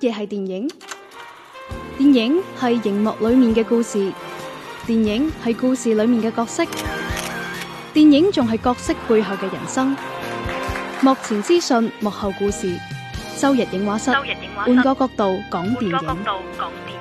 嘢係電影，電影係熒幕裏面嘅故事，電影係故事裏面嘅角色，電影仲係角色背後嘅人生。幕前資訊，幕後故事，周日影畫室，換個角度講電影。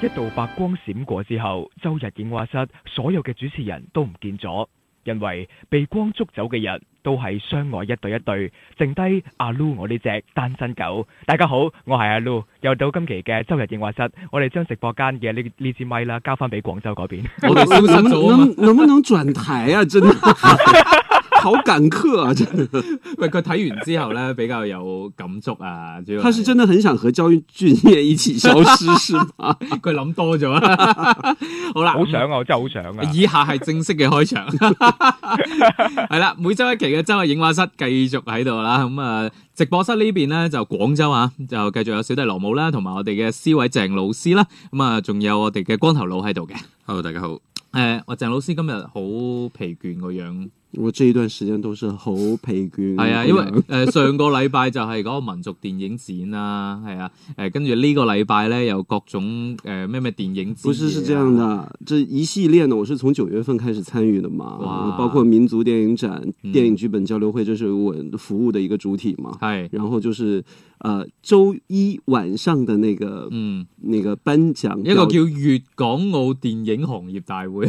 一道白光閃過之後，周日影畫室所有嘅主持人都唔見咗。因為被光捉走嘅人都係相愛一對一對，剩低阿 Lu 我呢隻單身狗。大家好，我係阿 Lu，又到今期嘅周日電話室，我哋將直播間嘅呢呢支咪啦交翻俾廣州嗰邊，我哋消失咗。能能不能轉台啊？真係。 好感慨啊！真係喂，佢睇完之後咧，比較有感觸啊。佢他是真的很想和焦俊艷一起消失是，是佢諗多咗。 好啦，好想啊，我真係好想啊。以下係正式嘅開場，係 啦， 每周一期嘅周日影畫室繼續喺度啦。咁啊，直播室邊呢邊咧就廣州啊，就繼續有小弟羅姆啦，同埋我哋嘅 C 位鄭老師啦。咁啊，仲有我哋嘅光頭佬喺度嘅。Hello，大家好。誒、呃，我鄭老師今日好疲倦個樣。我這一段時間都是好疲倦，係 啊，因為誒、呃、上個禮拜就係嗰個民族電影展啊，係啊，誒、呃、跟住呢個禮拜咧有各種誒咩咩電影，啊，不是是這樣的，這一系列呢，我是從九月份開始參與的嘛，哇包括民族電影展、嗯、電影劇本交流會，就是我服務的一個主題嘛，係是，然後就是。啊，周、呃、一晚上的那個，嗯，那個頒獎，一個叫粵港澳電影行業大會，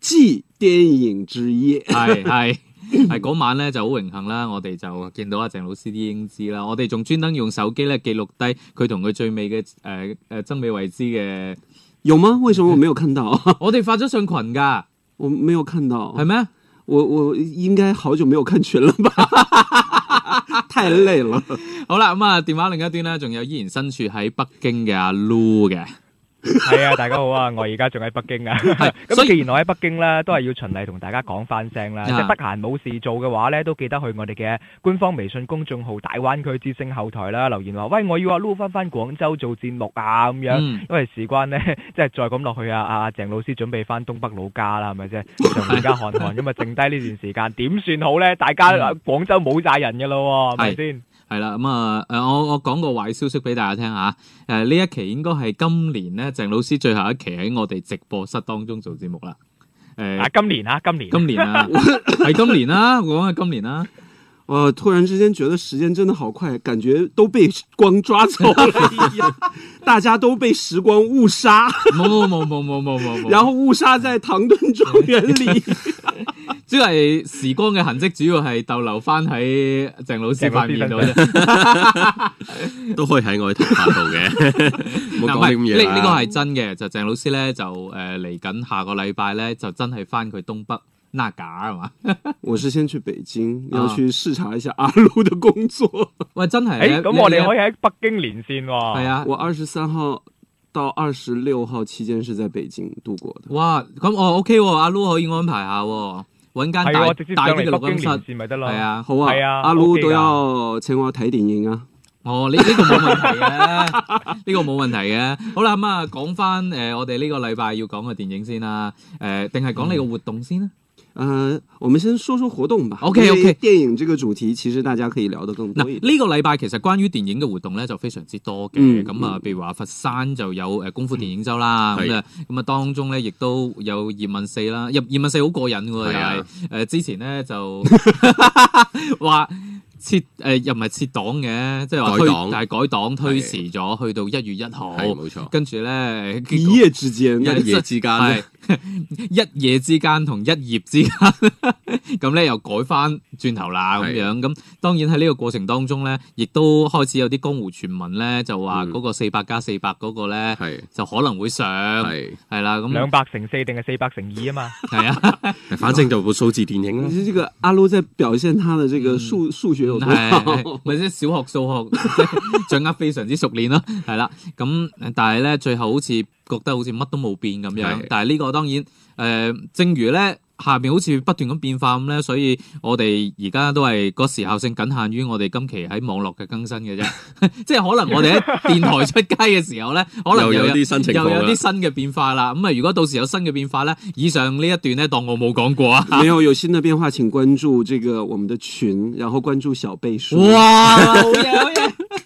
之 電影之夜，係系係嗰晚咧就好榮幸啦，我哋就見到阿、啊、鄭老師啲英姿啦，我哋仲專登用手機咧記錄低佢同佢最美嘅誒誒，曾、呃、美慧孜嘅有嗎？為什麼我沒有看到？ 我哋發咗上群噶，我沒有看到，係咩嗎？我我應該好久沒有看群了吧？ 太累了。好啦，咁、嗯、啊，電話另一端呢，仲有依然身處喺北京嘅阿 Lu 嘅。係 啊，大家好啊！我而家仲喺北京啊，咁 既然我喺北京咧、啊，都係要循例同大家講翻聲啦， 是即係得閒冇事做嘅話咧，都記得去我哋嘅官方微信公眾號大灣區之聲後台啦、啊，留言話喂，我要啊撈翻翻廣州做節目啊，咁樣，嗯、因為事關咧，即係再咁落去啊，阿阿鄭老師準備翻東北老家啦，係咪先？同大家看看，咁啊，剩低呢段時間點算好咧？大家廣州冇晒人噶咯，係咪先？係啦，咁啊，誒、嗯，我我講個壞消息俾大家聽吓，誒、啊，呢一期應該係今年咧鄭老師最後一期喺我哋直播室當中做節目啦，誒、啊，今年啦，今年，今年啊，係今年啦、啊，講係今年啦、啊。 我突然之間覺得時間真的好快，感覺都被光抓走了， 大家都被時光誤殺，冇冇冇冇冇冇冇，然後誤殺在唐頓莊園裏，即係 時光嘅痕跡，主要係逗留翻喺鄭老師塊面度啫， 都可以喺我頭髮度嘅，唔講咁嘢。呢呢、這個係真嘅，就鄭老師咧就誒嚟緊下個禮拜咧就真係翻佢東北。那假係嘛？我是先去北京，要去視察一下阿盧的工作。喂，真係呢，咁我哋可以喺北京連線喎。係啊，我二十三號到二十六號期間是在北京度過的。哇，咁我 OK 喎，阿盧可以安排下，搵間大啲嘅錄音室咪得咯。係啊，好啊，啊，阿盧都有請我睇電影啊。哦，呢呢個冇問題嘅，呢個冇問題嘅。好啦，咁啊，講翻誒，我哋呢個禮拜要講嘅電影先啦，誒，定係講你個活動先呢？嗯，uh, 我們先說說活動吧。OK OK，電影這個主題其實大家可以聊得更多。嗱，呢個禮拜其實關於電影嘅活動咧就非常之多嘅。咁、嗯、啊，譬、嗯、如話佛山就有誒、呃、功夫電影周啦。咁啊、嗯，咁啊是、嗯、當中咧亦都有葉問四啦。葉葉問四好過癮嘅，係誒、啊呃、之前咧就話。 撤誒又唔係撤檔嘅，即係話改，但係改檔推遲咗，去到一月一號，冇錯。跟住咧，咦？一、一夜之間，一夜之間同一夜之間，咁咧又改翻轉頭啦咁樣。咁當然喺呢個過程當中咧，亦都開始有啲江湖傳聞咧，就話嗰個四百加四百嗰個咧，係就可能會上係係啦。咁兩百乘四定係四百乘二啊嘛？係啊，反正就部數字電影啦。其實這個阿魯即係表現他的呢個數數學。係或者小學數學 掌握非常之熟練咯，係啦，咁但係咧，最後好似覺得好似乜都冇變咁樣，的但係呢個當然，誒、呃，正如咧。下面好似不斷咁變化咁咧，所以我哋而家都係個時效性僅限於我哋今期喺網絡嘅更新嘅啫， 即係可能我哋喺電台出街嘅時候咧，可能又有啲新情又有啲新嘅變化啦。咁啊了，如果到時有新嘅變化咧，以上呢一段咧，當我冇講過啊。你 果有，有新的變化，請關注這個我們的群，然後關注小秘書哇。哇！ 棒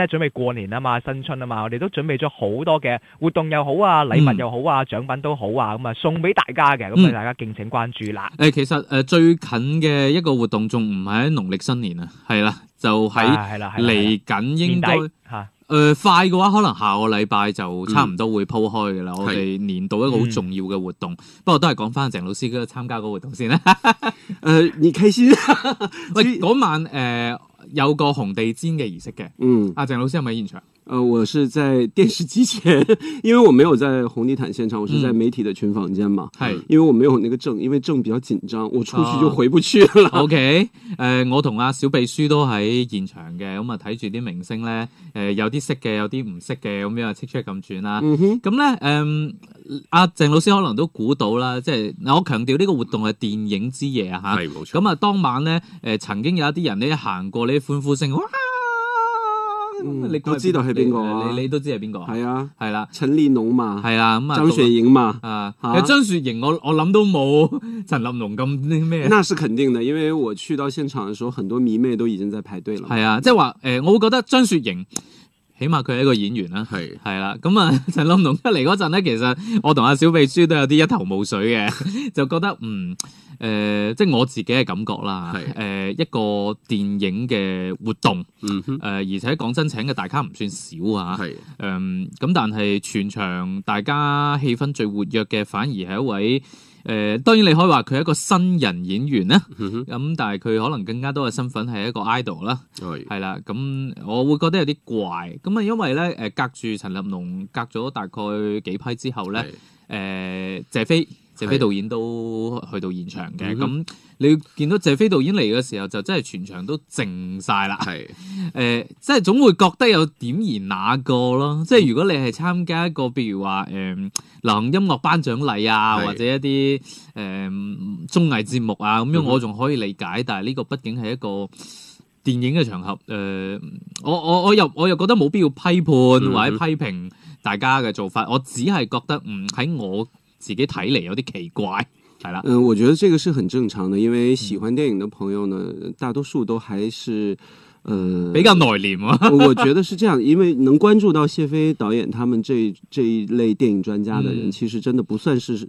咧準備過年啊嘛，新春啊嘛，我哋都準備咗好多嘅活動又好啊，禮物又好啊，獎品都好啊，咁啊送俾大家嘅，咁啊大家敬請關注啦。誒，其實誒最近嘅一個活動仲唔係喺農曆新年啊？係啦，就喺係啦、係嚟緊應該吓，誒、啊呃、快嘅話可能下個禮拜就差唔多會鋪開噶啦。嗯、我哋年度一個好重要嘅活動，的不過都係講翻鄭老師佢參加個活動先啦。誒，而、呃、先 喂晚誒。呃有個紅地氈嘅儀式嘅，嗯，阿鄭啊老師，有冇喺現場？呃，我是在電視機前， 因為我沒有在紅地毯現場，我是在媒體的群房間嘛。係、嗯，因為我沒有那個證，因為證比較緊張，我出去就回不去了，哦。OK，誒、呃，我同阿小祕書都喺現場嘅，咁啊睇住啲明星咧，誒有啲識嘅，有啲唔識嘅，咁樣 check check 咁轉啦。咁咧，誒、嗯哼，阿鄭、呃、老師可能都估到啦，即係嗱，我強調呢個活動係電影之夜啊吓。係，冇錯、嗯。咁啊當晚咧，誒、呃、曾經有一啲人咧行過，呢啲歡呼聲哇！你都知道係邊個，你你都知係邊個係啊，係啦，陳立農嘛，係啊，張、嗯、雪瑩嘛，啊，啊張雪有張雪瑩我我諗都冇陳立農咁咩。那是肯定嘅，因為我去到現場嘅時候，很多迷妹都已經在排隊啦。係啊，即係話誒，我會覺得張雪瑩。起碼佢係一個演員啦，係係啦，咁啊，陳林同出嚟嗰陣咧，其實我同阿小秘書都有啲一頭霧水嘅，就覺得嗯，誒、呃，即係我自己嘅感覺啦，係誒的、呃，一個電影嘅活動，誒、嗯哼呃，而且講真，請嘅大咖唔算少啊，係的，嗯、呃，咁但係全場大家氣氛最活躍嘅，反而係一位。誒、呃、當然你可以話佢係一個新人演員啦，咁、嗯、哼但係佢可能更加多嘅身份係一個 idol 啦的，係啦，咁我會覺得有啲怪，咁啊因為咧，誒隔住陳立農隔咗大概幾批之後咧，誒的、呃、謝飛。謝飛導演都去到現場嘅，咁的你見到謝飛導演嚟嘅時候，就真係全場都靜晒啦。係的，誒、呃，即係總會覺得有點燃那個咯。的即係如果你係參加一個，譬如話誒、呃、流行音樂頒獎禮啊，的或者一啲誒綜藝節目啊，咁樣我仲可以理解。的但係呢個畢竟係一個電影嘅場合，誒、呃，我我我，我，我又我又覺得冇必要批判或者批評大家嘅做法。的我只係覺得，唔喺我。自己睇嚟有啲奇怪，係啦。嗯，我覺得這個是很正常的，因為喜歡電影的朋友呢，嗯、大多數都還是，呃，比較內斂啊。 我覺得是這樣，因為能關注到謝飛導演他們這這一類電影專家的人，嗯、其實真的不算是。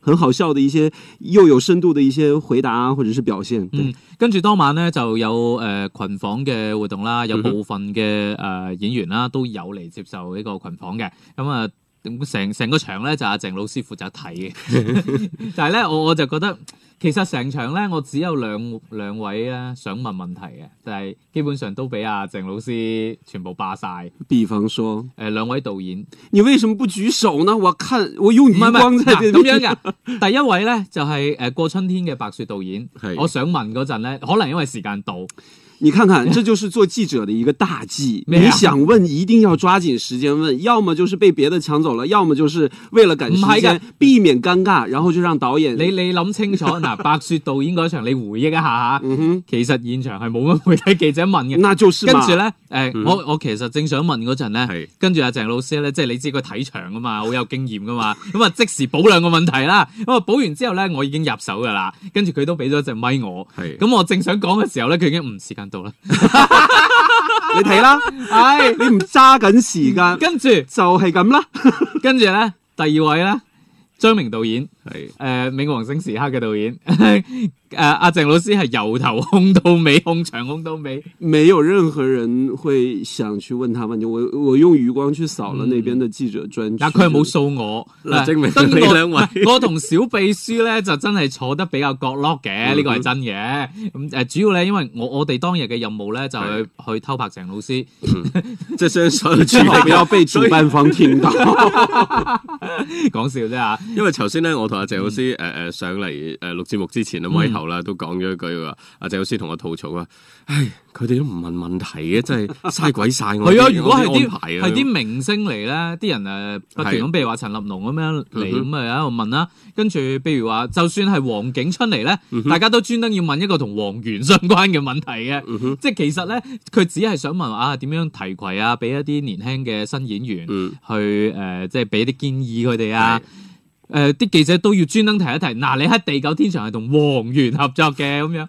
很好笑的一些又有深度的一些回答，或者是表現。嗯，跟住當晚咧就有誒、呃、群訪嘅活動啦，有部分嘅誒、嗯哼呃、演員啦都有嚟接受呢個群訪嘅。咁、嗯、啊。呃成成個場咧就阿、是、鄭老師負責睇嘅， 但係咧我我就覺得其實成場咧我只有兩兩位咧想問問題嘅，就係基本上都俾阿鄭老師全部霸晒。比方說誒兩、呃、位導演，你為什麼不舉手呢？我看我用耳光啫，咁、啊、樣噶。 第一位咧就係、是、誒、呃、過春天嘅白雪導演，的我想問嗰陣咧可能因為時間到。你看看，這就是做記者的一個大忌。你想問，一定要抓緊時間問，要麼就是被別的搶走了，要麼就是為了趕時間，避免尷尬，然後就讓導演。你你諗清楚嗱， 白雪導演嗰場你回憶一下吓，嗯、哼其實現場係冇乜媒體記者問嘅。嗱，做跟住咧、呃，我我其實正想問嗰陣咧，嗯、跟住阿鄭老師咧，即係你知佢睇場啊嘛，好有經驗噶嘛，咁啊 即時補兩個問題啦。咁啊補完之後咧，我已經入手噶啦，跟住佢都俾咗隻咪我，咁是我正想講嘅時候咧，佢已經唔時間到啦、 哎，你睇啦，唉 著，你唔揸緊時間， 跟住就係咁啦，跟住咧第二位咧，張明導演。係誒，冥、呃、王星時刻嘅導演誒，阿 鄭、呃、老師係由頭控到尾，控場控到尾，沒有任何人會想去問他問題。我我用餘光去掃了那邊嘅記者專，嗯、注但佢係冇掃我。嗱、啊，等我，兩啊、我同小秘書咧就真係坐得比較角落嘅，呢個係真嘅。咁、啊、誒，主要咧，因為我我哋當日嘅任務咧就去、是、去偷拍鄭老師，即係想，唔好、嗯、 要,要被主辦方聽到。講笑啫對吓、 啊，因為頭先咧我。阿謝老師，誒誒，上嚟誒錄節目之前啦，威喉啦，都講咗一句話。阿謝老師同我吐槽啊，唉，佢哋都唔問問題嘅，真係嘥鬼晒我。係啊，如果係啲係啲明星嚟咧，啲人誒，不斷咁，譬如話陳立農咁樣嚟，咁啊喺度問啦。跟住，譬如話，就算係黃景春嚟咧，大家都專登要問一個同王源相關嘅問題嘅。即係其實咧，佢只係想問啊，點樣提攜啊，俾一啲年輕嘅新演員去誒，即係俾啲建議佢哋啊。誒啲、呃、記者都要專登提一提，嗱、啊、你喺地久天長係同王源合作嘅咁樣，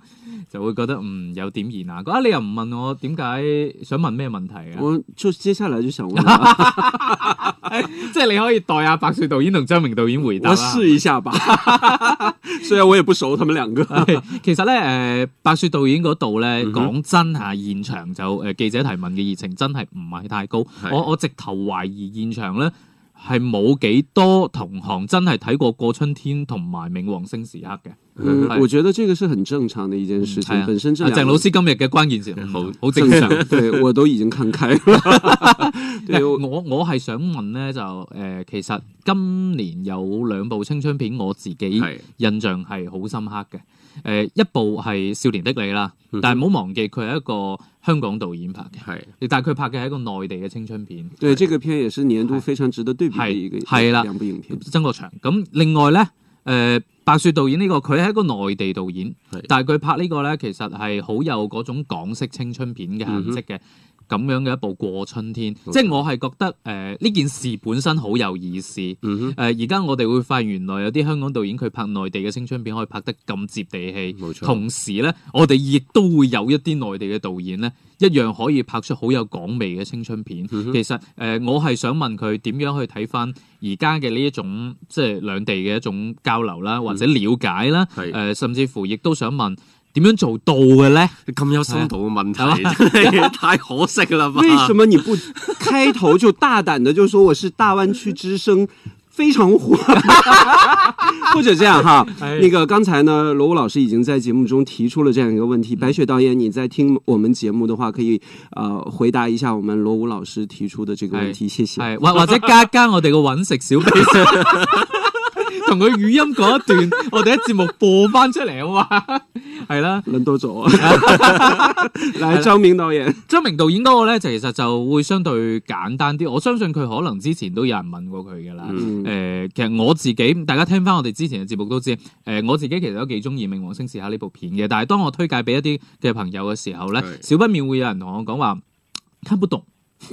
就會覺得嗯有點疑難、啊。嗰、啊、你又唔問我點解想問咩問題啊？我就接下來就想問 即係你可以代阿白雪導演同張明導演回答我試一下吧。雖然 我亦不熟，他們兩個 其實咧，誒、呃、白雪導演嗰度咧，mm hmm. 講真嚇現場就誒、呃、記者提問嘅熱情真係唔係太高。的我我直頭懷疑現場咧。係冇幾多同行真係睇過過春天同埋冥王星時刻嘅，嗯、是我覺得呢個是很正常嘅一件事情。啊、本身鄭老師今日嘅關鍵詞好好正常， 我都已經看開。我我係想問呢，就誒、呃，其實今年有兩部青春片，我自己印象係好深刻嘅。誒、呃、一部係少年的你啦，嗯、哼但係唔好忘記佢係一個香港導演拍嘅，係的。但係佢拍嘅係一個內地嘅青春片，對，即係的片嘅年度都非常值得對比嘅一個兩部影片。曾國祥咁，另外咧，誒、呃、白雪導演呢、這個佢係一個內地導演，的但係佢拍個呢個咧其實係好有嗰種港式青春片嘅痕跡嘅。嗯咁樣嘅一部過春天，Okay. 即係我係覺得誒呢、呃、件事本身好有意思。誒而家我哋會發現原來有啲香港導演佢拍內地嘅青春片可以拍得咁接地氣，錯同時咧，我哋亦都會有一啲內地嘅導演咧，一樣可以拍出好有港味嘅青春片。Mm hmm. 其實誒、呃，我係想問佢點樣去睇返而家嘅呢一種即係、就是、兩地嘅一種交流啦，或者了解啦。誒、mm hmm. 呃，甚至乎亦都想問，點樣做到嘅呢？咁有深度嘅問題，吧 太可惜啦！為什麼你不開頭就大膽的就說我是大灣區之聲，非常火， 或者這樣哈？ 那個剛才呢羅武老師已經在節目中提出了這樣一個問題，嗯、白雪導演，你在聽我們節目的話，可以啊、呃、回答一下我們羅武老師提出的這個問題，哎、謝謝。或或者加加我哋個搵食小兵。 同佢語音嗰一段， 我哋喺節目播翻出嚟啊嘛，係 啦，輪到咗。嚟章明導演，章明導演嗰個咧就其實就會相對簡單啲，我相信佢可能之前都有人問過佢噶啦。誒、嗯呃，其實我自己，大家聽翻我哋之前嘅節目都知，誒、呃，我自己其實都幾中意《冥王星事下》呢部片嘅。但係當我推介俾一啲嘅朋友嘅時候咧，是少不免會有人同我講話聽不懂。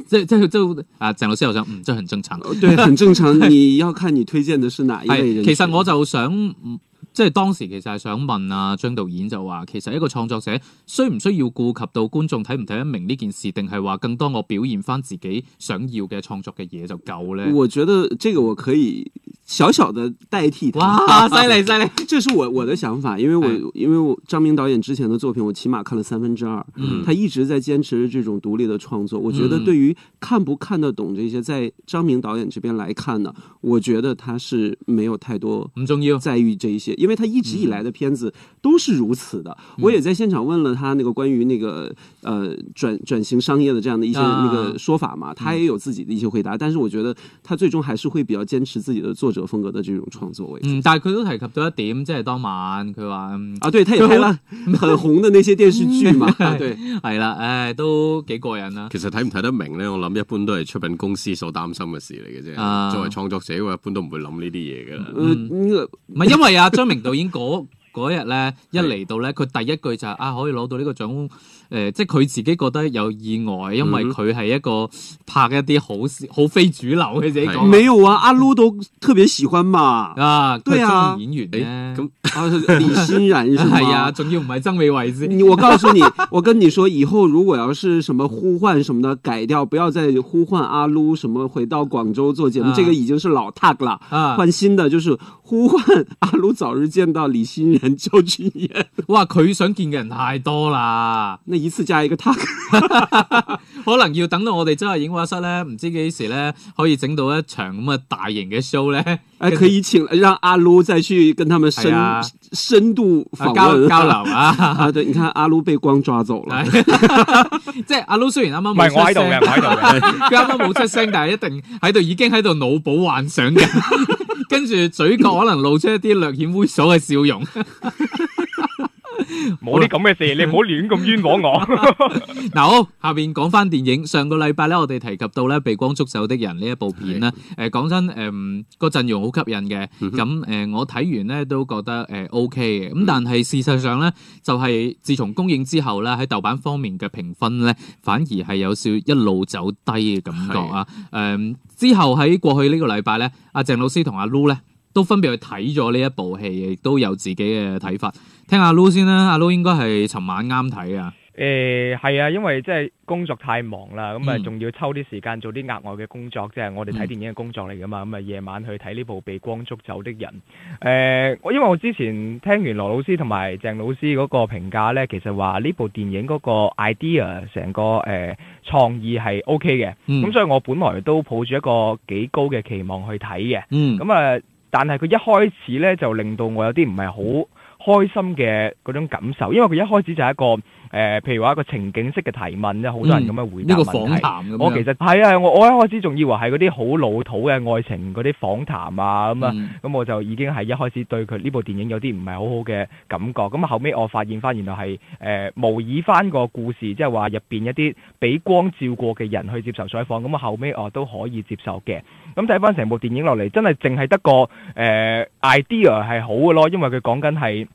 這、這、這，啊，鄭老師好像嗯，這、就是、很正常，哦， 對，很正常。你要看你推薦的是哪一類人。其實我就想，嗯。即係當時其實係想問啊，張導演就話，其實一個創作者需唔需要顧及到觀眾睇唔睇得明呢件事，定係話更多我表現翻自己想要嘅創作嘅嘢就夠咧？我覺得呢個我可以小小的代替。哇、啊，犀利犀利，這是我我的想法，因為我因為我張明導演之前的作品，我起碼看了三分之二，嗯，他一直在堅持這種獨立的創作。我覺得對於看不看得懂這些，在張明導演這邊來看呢、啊，我覺得他是沒有太多唔重要，在於這一些，因為他一直以來的片子都是如此的，嗯、我也在現場問了他那個關於那個，呃，轉轉型商業的這樣的一些那個說法嘛，嗯、他也有自己的一些回答，但是我覺得他最終還是會比較堅持自己的作者風格的這種創作位。嗯，但係佢都提及到一點，即、就、係、是、當晚佢話，啊，對，他也拍了，很紅的那些電視劇嘛、嗯啊，對，係啦， 唉、哎，都幾過癮啊。其實睇唔睇得明呢？我諗一般都係出品公司所擔心嘅事嚟嘅啫。嗯、作為創作者，我一般都唔會諗呢啲嘢㗎。唔係因為啊。 明導演嗰嗰日咧，一嚟到咧，佢第一句就係啊，可以攞到呢個獎。誒，即係佢自己覺得有意外，因為佢係一個拍一啲好好非主流嘅自己講。沒有啊，阿 Lu 都特別喜歡嘛，啊，對啊。演員，誒，咁李欣然是啊，仲要唔係曾美慧先？我告訴你，我跟你說，以後如果要是什麼呼喚什麼的改掉，不要再呼喚阿 Lu，什麼回到廣州做節目，這個已經是老 tag 啦。換新的就是呼喚阿 Lu 早日見到李欣然、周俊杰。哇，佢想見嘅人太多啦。意思就係個 talk，可能要等到我哋真係影畫室咧，唔知幾時咧可以整到一場咁嘅大型嘅 show 咧，佢、哎、以前讓阿 Lu 再去跟他們深、啊、深度訪問、啊、交，交流啊！ 啊，對，你看阿 Lu 被光抓走了， 即係阿 Lu 雖然啱啱唔係我喺度嘅，我喺度嘅，佢啱啱冇出聲，但係一定喺度，已經喺度腦補幻想嘅， 跟住嘴角可能露出一啲略顯猥瑣嘅笑容。 冇啲咁嘅事，你唔好亂咁冤枉我。嗱，好，下邊講翻電影。上個禮拜咧，我哋提及到咧《被光捉走的人》呢一部片啦。誒，講真，誒，個陣容好吸引嘅。咁誒，我睇完咧都覺得誒 OK 嘅。咁但係事實上咧，就係自從公映之後咧，喺豆瓣方面嘅評分咧，反而係有少少一路走低嘅感覺啊。誒，之後喺過去呢個禮拜咧，阿鄭老師同阿 Lu 咧。都分別去睇咗呢一部戲，亦都有自己嘅睇法。聽阿 Lo 先啦，阿、啊、Lo 應該係尋晚啱睇啊。誒、欸，係啊，因為即係工作太忙啦，咁啊、嗯，仲要抽啲時間做啲額外嘅工作，即、就、係、是、我哋睇電影嘅工作嚟噶嘛。咁啊、嗯，夜晚去睇呢部《被光捉走的人》。誒，我因為我之前聽完羅老師同埋鄭老師嗰個評價咧，其實話呢部電影嗰個 idea 成個誒創、呃、意係 OK 嘅。咁、嗯、所以我本來都抱住一個幾高嘅期望去睇嘅。咁啊、嗯。嗯但係佢一開始呢，就令到我有啲唔係好開心嘅嗰種感受，因為佢一開始就係一個。誒、呃，譬如話一個情景式嘅提問，咁好、嗯、多人咁樣回答問題。呢個訪談，我其實係啊，我我一開始仲以為係嗰啲好老土嘅愛情嗰啲訪談啊，咁、嗯、啊，咁、嗯、我就已經係一開始對佢呢部電影有啲唔係好好嘅感覺。咁啊，後尾我發現翻，原來係誒、呃、模擬翻個故事，即係話入邊一啲俾光照過嘅人去接受採訪。咁啊，後尾我都可以接受嘅。咁睇翻成部電影落嚟，真係淨係得個誒、呃、idea 係好嘅咯，因為佢講緊係。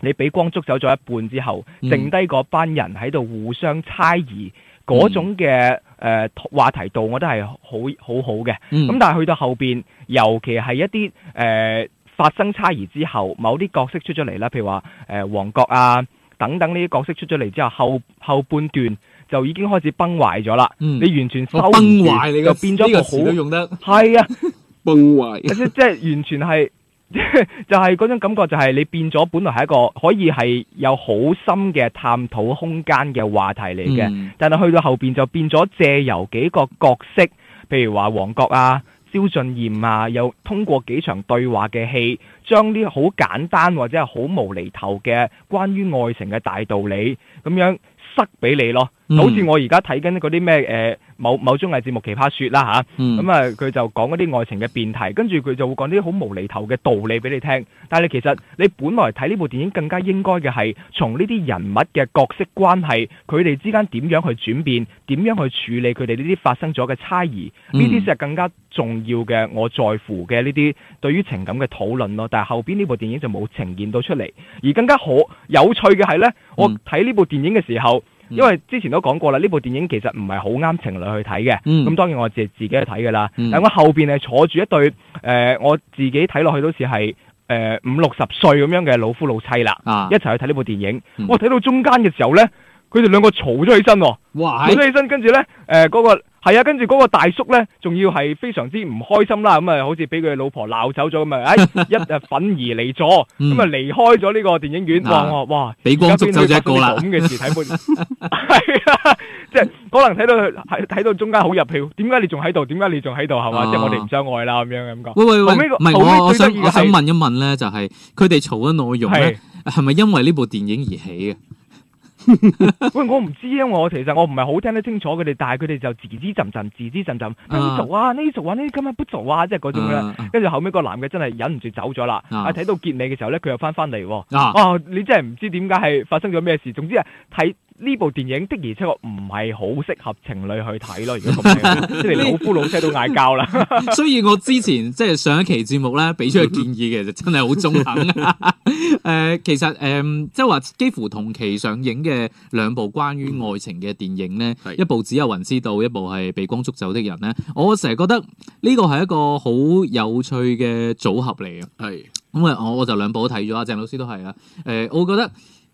你俾光捉走咗一半之後，剩低嗰班人喺度互相猜疑，嗰、嗯、種嘅誒、呃、話題度我覺得係好好好嘅。咁、嗯、但係去到後邊，尤其係一啲誒、呃、發生猜疑之後，某啲角色出咗嚟啦，譬如話誒、呃、王國啊等等呢啲角色出咗嚟之後，後後半段就已經開始崩壞咗啦。嗯、你完全收唔住你就變咗一個好係是啊 崩壞，即係完全係。 就係嗰種感覺，就係你變咗本來係一個可以係有好深嘅探討空間嘅話題嚟嘅，嗯、但係去到後邊就變咗借由幾個角色，譬如話黃覺啊、焦俊艷啊，又通過幾場對話嘅戲，將啲好簡單或者係好無厘頭嘅關於愛情嘅大道理咁樣塞俾你咯，好似、嗯、我而家睇緊嗰啲咩誒。呃某某綜藝節目《奇葩說》啦、啊、吓，咁啊佢就講嗰啲愛情嘅辯題，跟住佢就會講啲好無厘頭嘅道理俾你聽。但係你其實你本來睇呢部電影更加應該嘅係從呢啲人物嘅角色關係，佢哋之間點樣去轉變，點樣去處理佢哋呢啲發生咗嘅差異，呢啲先係更加重要嘅。我在乎嘅呢啲對於情感嘅討論咯。但係後邊呢部電影就冇呈現到出嚟，而更加好有趣嘅係呢，我睇呢部電影嘅時候。嗯因為之前都講過啦，呢部電影其實唔係好啱情侶去睇嘅。咁、嗯、當然我自己自己去睇噶啦。嗯、但我後邊係坐住一對，誒、呃、我自己睇落去都似係誒五六十歲咁樣嘅老夫老妻啦，啊、一齊去睇呢部電影。我睇、嗯、到中間嘅時候呢，佢哋兩個嘈咗起身喎。嘈咗起身，跟住喂呢，誒、呃、嗰、個。係啊，跟住嗰個大叔咧，仲要係非常之唔開心啦，咁啊，好似俾佢老婆鬧走咗咁啊，一啊憤而離咗。咁啊離開咗呢個電影院。哇哇，俾光捉走咗一個啦，咁嘅事睇唔？係啊，即係可能睇到睇睇到中間好入票，點解你仲喺度？點解你仲喺度？係嘛？即係我哋唔相愛啦，咁樣咁講。喂喂喂，我想個後問一問咧，就係佢哋吵嘅內容咧，係咪因為呢部電影而起嘅？ 喂，我唔知啊，我其實我唔係好聽得清楚佢哋。但係佢哋就滋滋浸浸，滋滋浸浸，呢啲啊，呢啲啊，呢啲今不做啊，即係嗰種啦。跟住後尾個男嘅真係忍唔住走咗啦。啊，睇到結尾嘅時候咧，佢又翻翻嚟。啊，你真係唔知點解係發生咗咩事。總之啊，睇呢部電影的而且確唔係好適合情侶去睇咯。而家老夫老妻都嗌交啦。 所以我之前即係上一期節目咧，俾出嘅建議其實真係好中肯。誒， 其實誒、呃，即係話幾乎同期上映嘅。誒，兩部關於愛情嘅電影咧、嗯，一部《只有云知道》，一部係《被光抓走的人》咧是。我成日覺得呢個係一個好有趣嘅組合嚟嘅。係，咁啊，我我就兩部都睇咗啊，鄭老師都係啦。誒、呃，我覺得《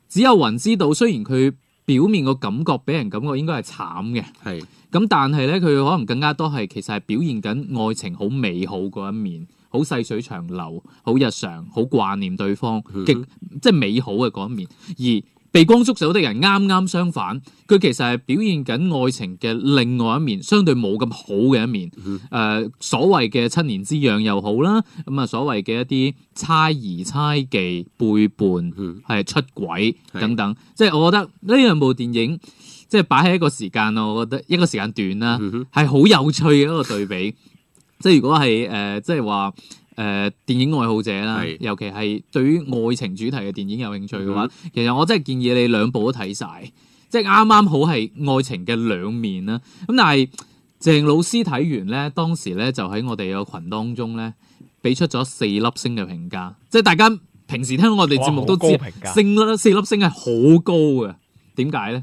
只有云知道》雖然佢表面個感覺俾人感覺應該係慘嘅，係是，咁但係咧，佢可能更加多係其實係表現緊愛情好美好嗰一面，好細水長流，好日常，好掛念對方，極即係美好嘅嗰一面，而。被光抓走的人啱啱相反，佢其實係表現緊愛情嘅另外一面，相對冇咁好嘅一面。誒、嗯呃，所謂嘅七年之癢又好啦，咁啊所謂嘅一啲猜疑、猜忌、背叛，係出軌等等。即係我覺得呢兩部電影，即係擺喺一個時間，我覺得一個時間段啦，係好、嗯嗯嗯、有趣嘅一個對比。嗯、 即係如果係誒，即係話。呃呃誒、呃，電影愛好者啦，是尤其係對於愛情主題嘅電影有興趣嘅話，嗯、其實我真係建議你兩部都睇晒，即係啱啱好係愛情嘅兩面啦。咁但係鄭老師睇完咧，當時咧就喺我哋個群當中咧，俾出咗四粒星嘅評價，即係大家平時聽我哋節目都知，星啦四粒星係好高嘅，點解咧？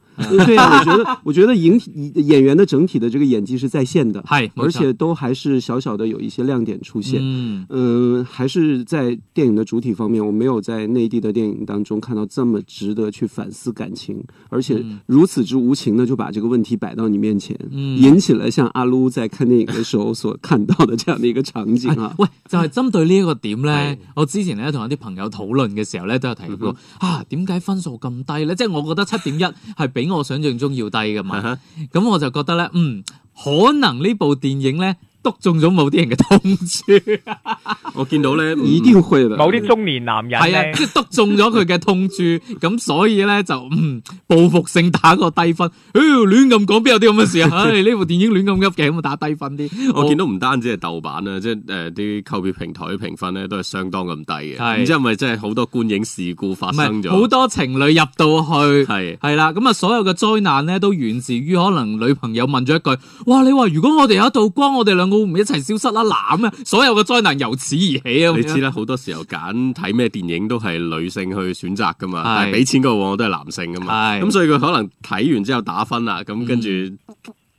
對、啊，我覺得我覺得影演員的整體的這個演技是在線的，而且都還是小小的有一些亮點出現，嗯、呃，還是在電影的主體方面，我沒有在內地的電影當中看到這麼值得去反思感情，而且如此之無情的就把這個問題擺到你面前，嗯、引起了像阿擼在看電影的時候所看到的這樣的一個場景啊， 哎、喂，就係、是、針對呢一個點呢，我之前呢同我啲朋友討論嘅時候呢，都有提到、嗯，啊，點解分數咁低呢？即、就、係、是、我覺得七點一係比。我想象中要低噶嘛，咁，uh huh. 我就覺得咧，嗯，可能呢部電影咧。篤中咗某啲人嘅痛處， 我見到咧，一定會嘅。某啲中年男人係啊，即係篤中咗佢嘅痛處，咁 所以咧就嗯，報復性打個低分。妖，亂咁講，邊有啲咁嘅事啊？呢、 哎、部電影亂咁噏嘅，咁啊打低分啲。我，我見到唔單止係豆瓣啦，即係誒啲購票平台嘅評分咧，都係相當咁低嘅。唔是知即係咪真係好多觀影事故發生咗？好多情侶入到去係係是啦。咁啊，所有嘅災難咧都源自於可能女朋友問咗一句，哇，你話如果我哋有一道光，我哋兩我唔一齊消失啦，啊，嗱啊！所有嘅災難由此而起啊！你知啦，好多時候揀睇咩電影都係女性去選擇噶嘛，是 但係俾錢個往往都係男性噶嘛，咁是 所以佢可能睇完之後打分啊，咁跟住。嗯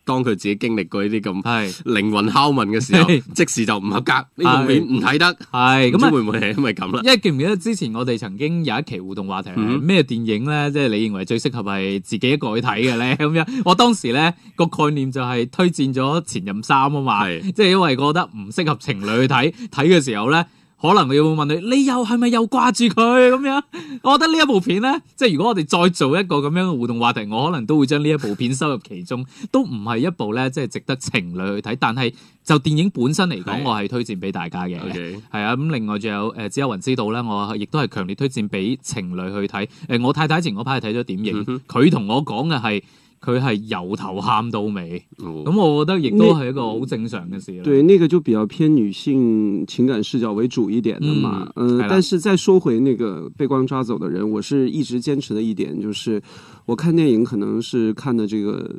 當佢自己經歷過呢啲咁靈魂拷問嘅時候，的即時就唔合格，呢方面唔睇得。係咁的會唔會係因為咁啦？因、就、為、是、記唔記得之前我哋曾經有一期互動話題咩電影咧？即、就、係、是、你認為最適合係自己一個去睇嘅咧？咁樣，我當時咧、那個概念就係推薦咗前任三啊嘛，即係的因為覺得唔適合情侶去睇，睇嘅 時候咧。可能你會問佢，你又係咪又掛住佢咁樣？我覺得呢一部片咧，即係如果我哋再做一個咁樣嘅互動話題，我可能都會將呢一部片收入其中。都唔係一部咧，即係值得情侶去睇。但係就電影本身嚟講，我係推薦俾大家嘅。係啊，咁另外仲有誒，只有雲知道啦。我亦都係強烈推薦俾情侶去睇。誒、呃，我太太前嗰排睇咗點映，佢同 我講嘅係。佢係由頭喊到尾，咁、哦、我覺得亦都係一個好正常嘅事啦。對，那個就比較偏女性情感視角為主一點嘅嘛。嗯，嗯，但是再說回那個被光抓走嘅人，我是一直堅持的一點，就是我看電影可能是看嘅這個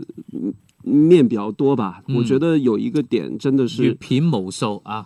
面比較多吧。嗯、我覺得有一個點真的是。閱片無數啊！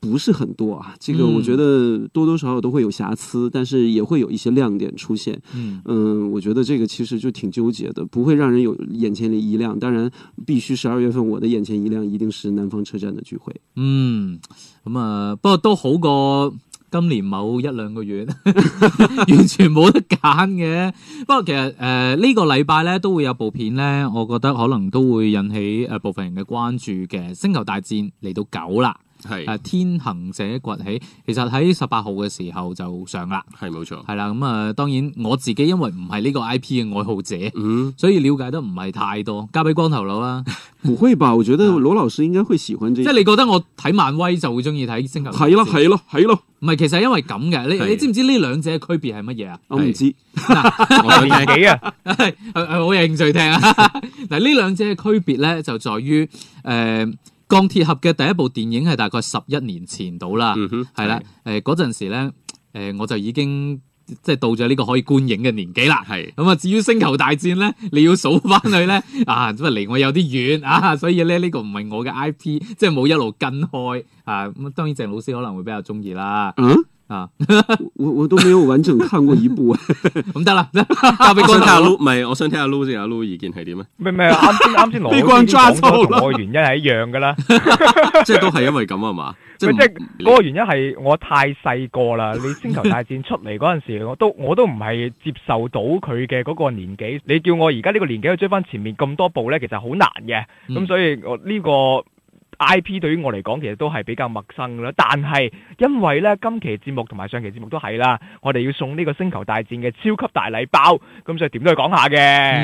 不是很多啊，這個我覺得多多少少都會有瑕疵，嗯、但是也會有一些亮點出現。嗯，嗯，我覺得這個其實就挺糾結的，不會讓人有眼前的一亮。當然，必須十二月份我的眼前一亮一定是南方車站的聚會。嗯，咁、嗯、啊、呃，不過都好過今年某一兩個月 完全冇得揀嘅。不過其實誒呢、呃這個禮拜咧都會有部片咧，我覺得可能都會引起誒、呃、部分人嘅關注嘅《星球大戰》嚟到九啦。係，是天行者崛起，其實喺十八號嘅時候就上啦。係冇錯，係啦，咁啊、嗯，當然我自己因為唔係呢個 I P 嘅愛好者，嗯、所以了解得唔係太多。交俾光頭佬啦。唔會吧？我覺得羅老師應該會喜歡， 即係你覺得我睇漫威就會中意睇星球星。係咯，係咯，係咯。唔係，其實因為咁嘅，你的你知唔知兩呢兩者嘅區別係乜嘢啊？我唔不知， 我廿幾嘅，係係 我好有興趣聽啊。嗱，呢兩者嘅區別咧，就在於誒。呃鋼鐵俠嘅第一部電影係大概十一年前到啦，係啦、嗯哼，誒嗰陣時咧，誒、呃、我就已經即係、呃、到咗呢個可以觀影嘅年紀啦，係的，咁啊至於星球大戰咧，你要數翻去咧， 啊因為離我有啲遠啊，所以咧呢個唔係我嘅 I P，即係冇一路跟開，啊咁當然鄭老師可能會比較中意啦。嗯啊啊！ 我我都沒有完整看過一部。 咁得啦，交俾關嘉祿。唔係，我想聽下 Lu 先，阿 Lu 意見係點啊？唔係唔係，啱先啱先我講嘅同我原因係一樣噶啦。 即係都係因為咁啊嘛？ 即係嗰個原因係我太細個啦。你星球大戰出嚟嗰陣時，我都我都唔係接受到佢嘅嗰個年紀。你叫我而家呢個年紀去追翻前面咁多部咧，其實好難嘅。咁所以我呢個。I P 對於我嚟講其實都係比較陌生咯，但係因為咧今期節目同埋上期節目都係啦，我哋要送呢個星球大戰嘅超級大禮包，咁所以點都要講下嘅。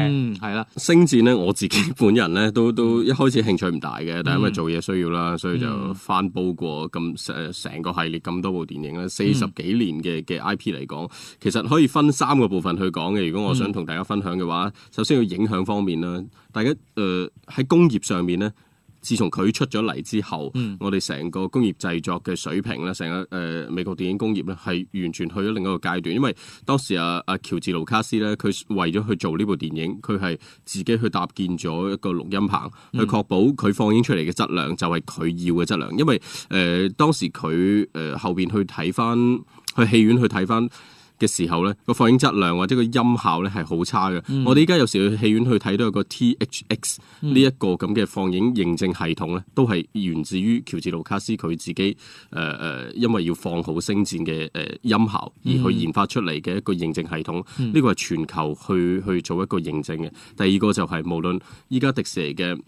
嗯，係啦，星戰咧我自己本人咧都都一開始興趣唔大嘅，但係因為做嘢需要啦，所以就翻煲過咁誒成個系列咁多部電影啦，四十幾年嘅嘅 I P 嚟講，其實可以分三個部分去講嘅。如果我想同大家分享嘅話，首先要影響方面啦，大家誒喺、呃、工業上面咧。自從佢出咗嚟之後，嗯、我哋成個工業製作嘅水平咧，成個誒、呃、美國電影工業咧，係完全去咗另一個階段。因為當時阿、啊、阿、啊、喬治盧卡斯咧，佢為咗去做呢部電影，佢係自己去搭建咗一個錄音棚，去確保佢放映出嚟嘅質量就係佢要嘅質量。因為誒、呃、當時佢誒、呃、後邊去睇返，去戲院去睇返。嘅時候咧，個放映質量或者個音效咧係好差嘅。嗯、我哋依家有時去戲院去睇到有個 THX 呢一個咁嘅、嗯、放映認證系統咧，都係源自於喬治盧卡斯佢自己誒誒、呃，因為要放好聲《星、呃、戰》嘅誒音效而去研發出嚟嘅一個認證系統。呢個係全球去去做一個認證嘅。第二個就係、是、無論依家迪士尼嘅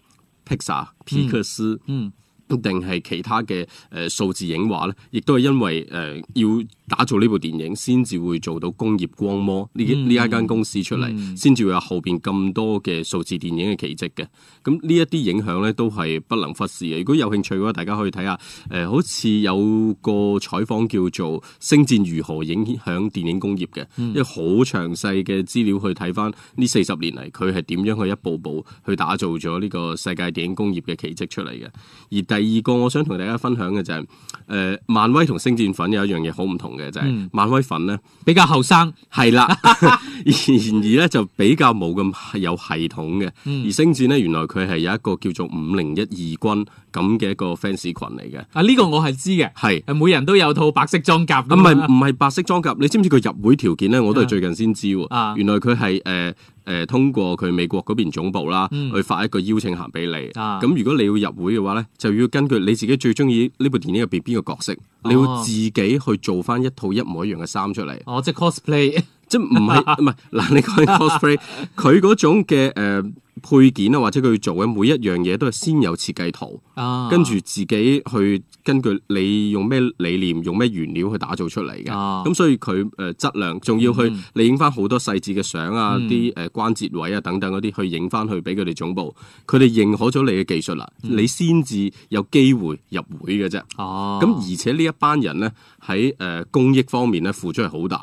Pixar p 皮克斯，嗯，定係其他嘅誒數字影畫咧，亦都係因為誒、呃、要。要打造呢部電影，先至會做到工業光魔呢？呢、嗯、一間公司出嚟，先至、嗯、會有後邊咁多嘅數字電影嘅奇迹嘅。咁呢一啲影響咧，都係不能忽視嘅。如果有興趣嘅話，大家可以睇下。誒、呃、好似有個採訪叫做《星戰如何影響電影工業》嘅，一好、嗯、詳細嘅資料去睇翻呢四十年嚟，佢係點樣去一步步去打造咗呢個世界電影工業嘅奇迹出嚟嘅。而第二個我想同大家分享嘅就係、是、誒、呃、漫威同星戰粉有一樣嘢好唔同。嘅就係漫威粉咧，比較後生係啦，然而咧就比較冇咁有，有系統嘅，嗯、而星戰咧原來佢係有一個叫做五零一二軍咁嘅一個 fans 群嚟嘅，啊呢、呢個我係知嘅，係是每人都有套白色裝甲，唔係唔係白色裝甲，你知唔知佢入會條件咧？我都係最近先知，啊、原來佢係誒。呃誒，通過佢美國嗰邊總部啦，嗯、去發一個邀請函俾你。咁、啊、如果你要入會嘅話咧，就要根據你自己最中意呢部電影入邊邊個角色，哦、你要自己去做翻一套一模一樣嘅衫出嚟。哦，即係 cosplay， 即係唔係唔係，嗱，你講 cosplay，佢嗰種嘅誒。呃配件啊，或者佢做嘅每一樣嘢都係先有設計圖，跟住自己去根據你用咩理念、用咩原料去打造出嚟嘅。咁所以佢誒質量仲要去你影翻好多細節嘅相啊，啲誒關節位啊等等嗰啲去影翻去俾佢哋總部，佢哋認可咗你嘅技術啦，你先至有機會入會嘅啫。哦，咁而且呢一班人咧喺誒公益方面咧付出係好大。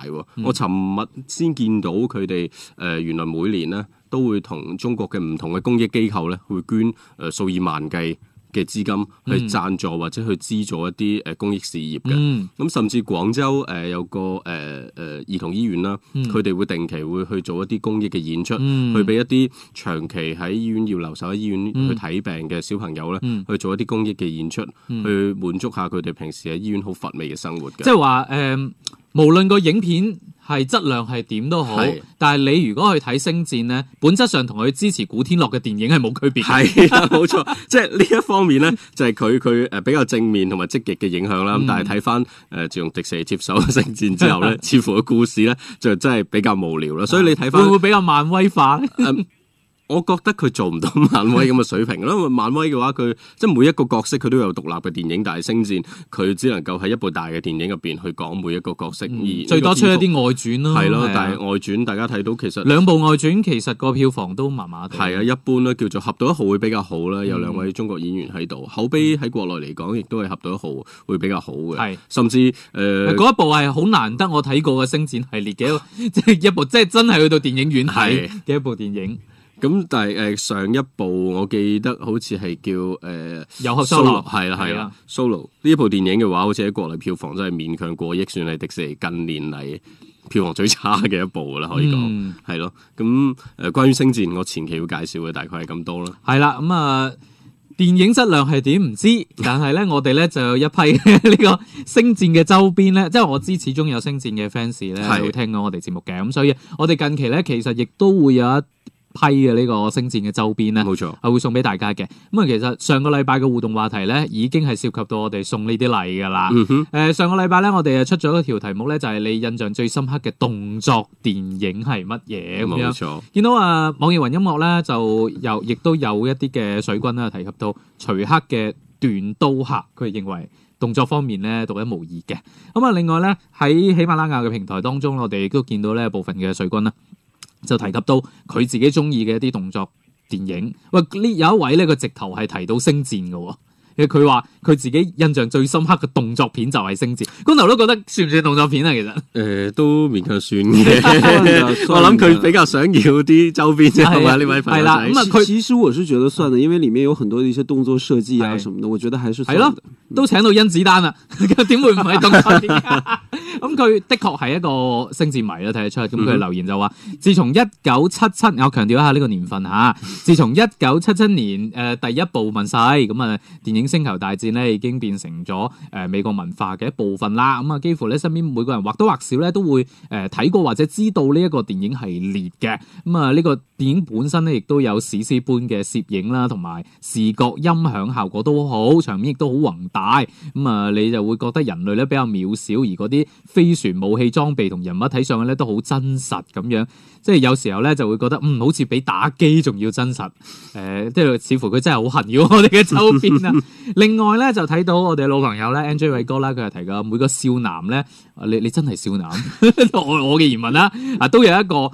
我尋日先見到佢哋誒原來每年咧。都會同中國嘅唔同嘅公益機構咧，會捐誒數、呃、以萬計嘅資金去贊助或者去資助一啲誒、呃、公益事業嘅。咁、嗯、甚至廣州誒、呃、有個誒誒、呃呃、兒童醫院啦，佢哋會定期會去做一啲公益嘅演出，嗯、去俾一啲長期喺醫院要留守喺醫院去睇病嘅小朋友咧，嗯嗯、去做一啲公益嘅演出，嗯、去滿足下佢哋平時喺醫院好乏味嘅生活。即係話誒，無論個影片，係質量係點都好，是但係你如果去睇《星戰》咧，本質上同佢支持古天樂嘅電影係冇區別。係、啊，冇錯， 即係呢一方面咧，就係佢佢誒比較正面同埋積極嘅影響啦。咁、嗯、但係睇翻誒、呃、自從迪士尼接手《星戰》之後咧， 似乎個故事咧就真係比較無聊啦。所以你睇翻會唔會比較漫威化、嗯我覺得佢做唔到漫威咁嘅水平咯。因為漫威嘅話，佢即係每一個角色佢都有獨立嘅電影，但係星戰佢只能夠喺一部大嘅電影入邊去講每一個角色。而最多出一啲外傳咯。係咯，但係外傳大家睇到其實兩部外傳其實個票房都麻麻地。係啊，一般啦，叫做合到一號會比較好啦。有兩位中國演員喺度，口碑喺國內嚟講亦都係合到一號會比較好嘅。係，甚至誒，嗰一部係好難得我睇過嘅星戰系列嘅，即係一部即係真係去到電影院睇嘅一部電影。咁但係誒、呃，上一部我記得好似係叫誒《遊、呃、俠 Solo》，係啦係啦 Solo 呢一部電影嘅話，好似喺國內票房真係勉強過億，算係迪士尼近年嚟，票房最差嘅一部啦。可以講係咯。咁誒、嗯，關於星戰，我前期要介紹嘅，大概係咁多啦。係啦、嗯，咁啊、呃，電影質量係點唔知，但係咧，我哋咧就有一批呢 個星戰嘅周邊咧，即係我知始終有星戰嘅 fans 咧，會聽過我我哋節目嘅咁，對所以我哋近期咧其實亦都會有一批嘅呢個星戰嘅周邊咧，冇錯，係會送俾大家嘅。咁啊，其實上個禮拜嘅互動話題咧，已經係涉及到我哋送呢啲禮噶啦。嗯哼。誒，上個禮拜咧，我哋啊出咗一條題目咧，就係你印象最深刻嘅動作電影係乜嘢？冇錯。見到啊，網易雲音樂咧，就有亦都有一啲嘅水軍啦，提及到徐克嘅《斷刀客》，佢係認為動作方面咧獨一無二嘅。咁啊，另外咧喺喜馬拉雅嘅平台當中，我哋亦都見到呢部分嘅水軍啦。就提及到佢自己中意嘅一啲動作電影，喂呢有一位咧，佢直頭係提到，哦《星戰》嘅。佢佢話佢自己印象最深刻嘅動作片就係星戰，江頭都覺得算唔算動作片啊？其實誒，都勉強算嘅。我諗佢比較想要啲周邊。係啦，咁啊，佢其實我是覺得算嘅，因為裏面有很多一些動作設計啊，什麼的，我覺得還是係咯，都請到甄子丹啦。佢點會唔係動作片？咁佢的確係一個星戰迷啦，睇得出。咁佢留言就話，自從一九七七，我強調一下呢個年份吓，自從一九七七年誒第一部問世，咁啊電影。星球大戰咧已經變成咗誒美國文化嘅一部分啦，咁啊幾乎咧身邊每個人或多或少咧都會誒睇過或者知道呢一個電影系列嘅，咁啊呢個。電影本身咧，亦都有史詩般嘅攝影啦，同埋視覺音響效果都好，場面亦都好宏大。咁啊，你就會覺得人類咧比較渺小，而嗰啲飛船武器裝備同人物睇上去咧都好真實咁樣。即係有時候咧就會覺得，嗯，好似比打機仲要真實。誒、呃，即係似乎佢真係好環繞我哋嘅周邊啦、啊。 另外咧就睇到我哋嘅老朋友咧 NJ 偉哥啦，佢係提過每個少男咧。啊！你你真係少男， 我我嘅疑問啦，啊，都有一個俠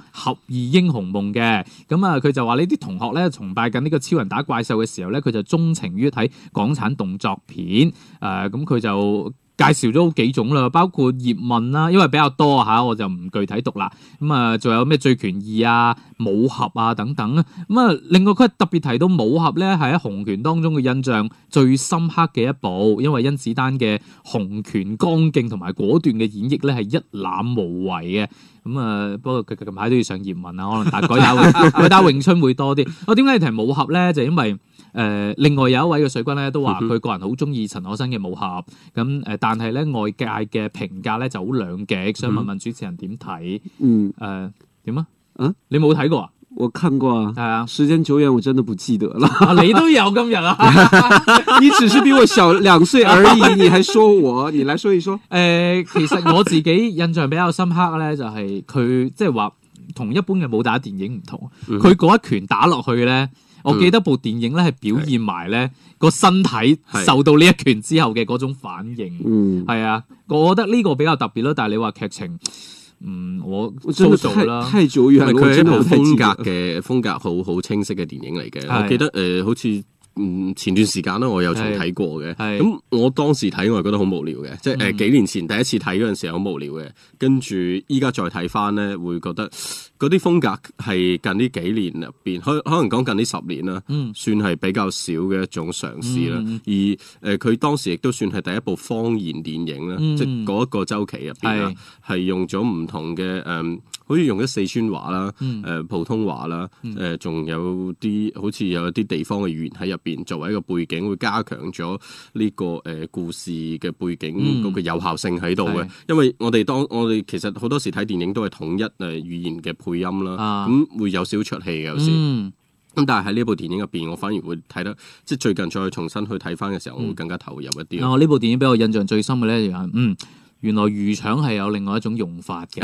義英雄夢嘅，咁啊，佢就話呢啲同學咧崇拜緊呢個超人打怪獸嘅時候咧，佢就鍾情於睇港產動作片，誒、啊，咁佢就。介紹咗好幾種啦，包括葉問啦，因為比較多嚇，我就唔具體讀啦。咁啊，仲有咩《醉拳二》啊、《武俠》啊等等啊。咁啊，另外佢特別提到《武俠》咧，係喺《紅拳》當中嘅印象最深刻嘅一部，因為甄子丹嘅紅拳剛勁同埋果斷嘅演繹咧係一覽無遺嘅。咁啊，不過佢近排都要上葉問啊，可能大概打會，但係 詠春會多啲。我點解要提《武俠》咧？就係因為。誒、呃，另外有一位嘅水軍咧都話佢個人好中意陳可辛嘅武俠，咁誒、mm hmm. 呃，但係咧外界嘅評價咧就好兩極，想問問主持人點睇？嗯、mm，誒、hmm. 點、呃、啊？啊？你冇睇過啊？我睇過啊。係啊，時間久遠，我真都唔記得啦、 啊。你都有今日啊？ 你只是比我小兩歲而已， 你還說我？你嚟說一說。誒、 呃，其實我自己印象比較深刻咧，就係佢即係話同一般嘅武打電影唔同，佢嗰、mm hmm. 一拳打落去咧。我記得部電影咧係表現埋咧個身體受到呢一拳之後嘅嗰種反應，係啊的、嗯，我覺得呢個比較特別咯。但係你話劇情，嗯，我粗魯啦，係最佢一部風格嘅風格好好清晰嘅電影嚟嘅。是的 我記得誒、呃，好似。嗯，前段時間咧，我又重睇過嘅。咁我當時睇，我係覺得好無聊嘅，嗯、即係誒幾年前第一次睇嗰陣時好無聊嘅。跟住依家再睇翻咧，會覺得嗰啲風格係近呢幾年入邊，可可能講近呢十年啦，嗯、算係比較少嘅一種嘗試啦。嗯、而誒佢當時亦都算係第一部方言電影啦，嗯、即係嗰一個周期入邊啊，係、嗯、用咗唔同嘅誒。嗯好似用啲四川話啦，誒、呃、普通話啦，誒、呃、仲有啲好似有啲地方嘅語言喺入邊，作為一個背景，會加強咗呢、這個誒、呃、故事嘅背景嗰、嗯、個有效性喺度嘅。是因為我哋當我哋其實好多時睇電影都係統一誒語言嘅配音啦，咁、啊嗯、會有少出戲嘅有時。咁、嗯、但係喺呢部電影入邊，我反而會睇得即係最近再重新去睇翻嘅時候，嗯、我會更加投入一啲。啊、嗯，呢部電影俾我印象最深嘅咧，就係嗯。原來魚腸係有另外一種用法嘅，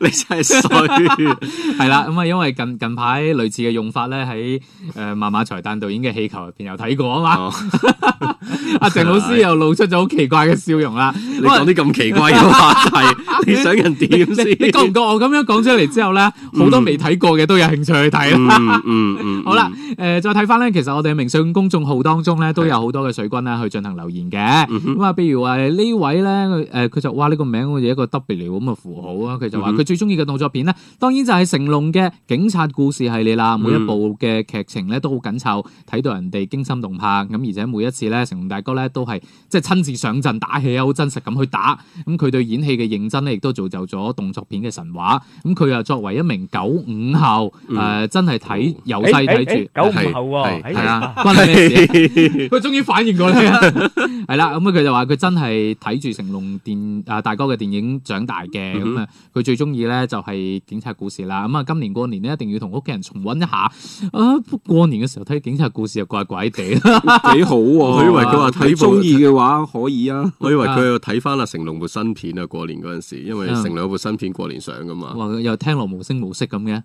你真係衰，係啦，咁啊，因為近近排類似嘅用法咧，喺誒《漫漫財蛋》導演嘅氣球入邊有睇過啊嘛，阿鄭老師又露出咗好奇怪嘅笑容啦，你講啲咁奇怪嘅話題，你想人點先？你覺唔覺我咁樣講出嚟之後咧，好多未睇過嘅都有興趣去睇啦？好啦，誒，再睇翻咧，其實我哋嘅明信公眾號當中咧，都有好多嘅水軍咧去進行留言嘅，咁啊，譬如話呢。位咧，佢誒佢就哇呢個名好似一個 W 咁嘅符號啊！佢就話佢最中意嘅動作片呢，當然就係成龍嘅警察故事系列啦。每一部嘅劇情咧都好緊湊，睇到人哋驚心動魄。咁而且每一次咧，成龍大哥咧都係即係親自上陣打戲啊，好真實咁去打。咁佢對演戲嘅認真咧，亦都造就咗動作片嘅神話。咁佢又作為一名九五後，誒、呃、真係睇由細睇住九五後喎，係啊，啊 關你咩事？佢 終於反應過嚟啦、啊，啦。咁佢就話佢真係睇住成龍電啊大哥嘅電影長大嘅咁啊，佢、嗯、哼最中意咧就係警察故事啦。咁啊，今年過年咧一定要同屋企人重溫一下啊！過年嘅時候睇警察故事又怪怪地，幾好喎、啊。 哦啊、我以為佢話睇中意嘅話可以啊。嗯、我以為佢又睇翻啊成龍部新片啊過年嗰陣時，因為成龍有部新片過年上噶嘛、嗯。又聽落無聲無息咁嘅，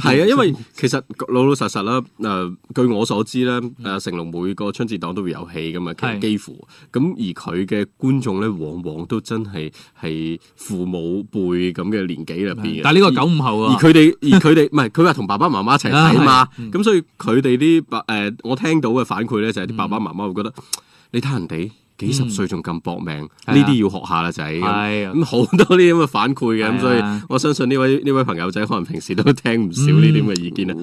係 啊，因為其實老老實實啦。誒、呃，據我所知咧，誒、嗯呃、成龍每個春節檔都會有戲噶嘛，幾乎咁是而佢嘅觀眾、嗯。咧往往都真係係父母輩咁嘅年紀入邊，但係呢個九五後啊，而佢哋 而佢哋唔係佢話同爸爸媽媽一齊睇嘛，咁、 嗯、所以佢哋啲爸誒，我聽到嘅反饋咧就係啲爸爸媽媽會覺得、嗯、你睇人哋。幾十歲仲咁搏命，呢啲要學下啦，仔。係啊，咁好多呢啲咁嘅反饋嘅，咁所以我相信呢位呢位朋友仔可能平時都聽唔少呢啲咁嘅意見啊。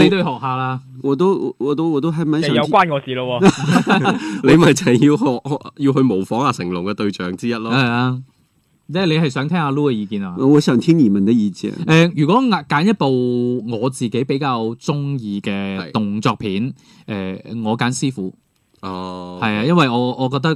你都要學下啦。我都我都我都係咪，其實有關我事咯，你咪就係要學要去模仿阿成龍嘅對象之一咯。係啊，即係你係想聽阿 Lu 嘅意見啊？我想聽你們嘅意見。誒，如果揀一部我自己比較中意嘅動作片，誒，我揀師傅。哦，係啊，因為我我覺得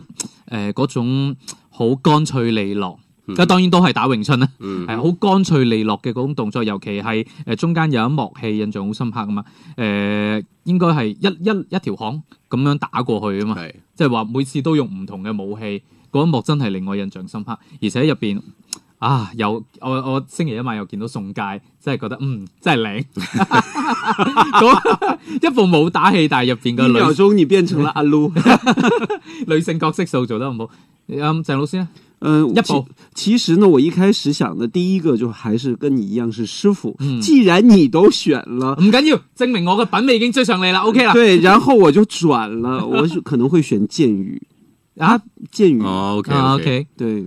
誒嗰、呃、種好乾脆利落，即、mm hmm. 當然都係打詠春啦，係好乾脆利落嘅嗰種動作，尤其係誒中間有一幕戲印象好深刻噶嘛，誒、呃、應該係一一一條行咁樣打過去啊嘛，即係話每次都用唔同嘅武器，嗰一幕真係令我印象深刻，而且入邊。啊！有我我星期一晚又見到宋佳，真係覺得嗯真係靚。 一部冇打戲，但係入邊個秒鐘你變成了阿 Lu， 女性角色塑造得唔好。阿鄭老師啊，嗯，一部、嗯、其、其實呢，我一開始想嘅第一個就還是跟你一樣是師傅。嗯、既然你都選了，唔緊要，證明我嘅品味已經追上你啦。OK 啦。對，然後我就轉啦， 我可能會選劍魚。啊，劍魚。啊啊、OK、啊、OK。對。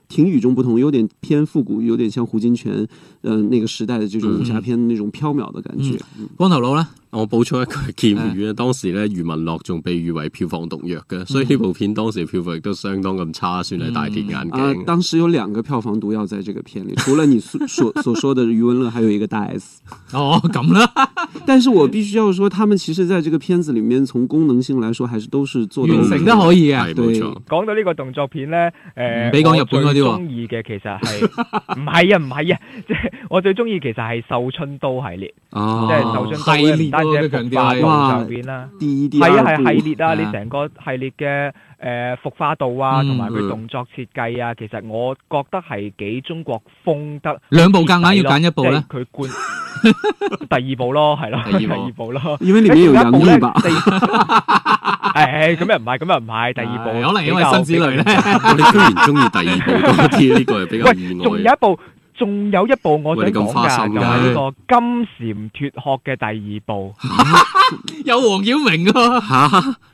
挺與眾不同，有點偏復古，有點像胡金銓，嗯、呃，那個時代的這種武俠、嗯、片那種飄渺的感覺。嗯、光頭佬呢，我補充一句，劍雨啊，當時呢，余文樂仲被譽為票房毒藥嘅，所以呢部片當時票房亦都相當咁差，算係大跌眼鏡、嗯啊。當時有兩個票房毒藥在這個片裏，除了你所所，所說的余文樂，還有一個大 S, S。哦，咁啦，但是我必須要說，他們其實在這個片子裏面，從功能性來說，還是都是做得完，完成都可以嘅。係冇錯。講到呢個動作片呢，誒、呃，嗯、比講日本嗰啲。中意嘅其實係唔係啊，唔係啊，即係、啊、 我最中意其實係《繡、哦、春刀》系列，即係《繡春刀》嘅單只服化上邊啦，係啊係系列啊，你成個系列嘅誒服化道啊，同埋佢動作設計啊，其實我覺得係幾中國風，得兩部夾硬要揀一部咧，佢冠。 第二部咯，係咯，第二部咯，要為、欸、呢邊又有第二咁又唔係，咁又唔係，第二部，可能、哎、因為新鮮咧， 我哋居然中意第二部，都知呢個係比較仲有一部，仲有一部，我想講嘅就係呢個《金蟬脱殼》嘅第二部。有黃曉明啊，吓，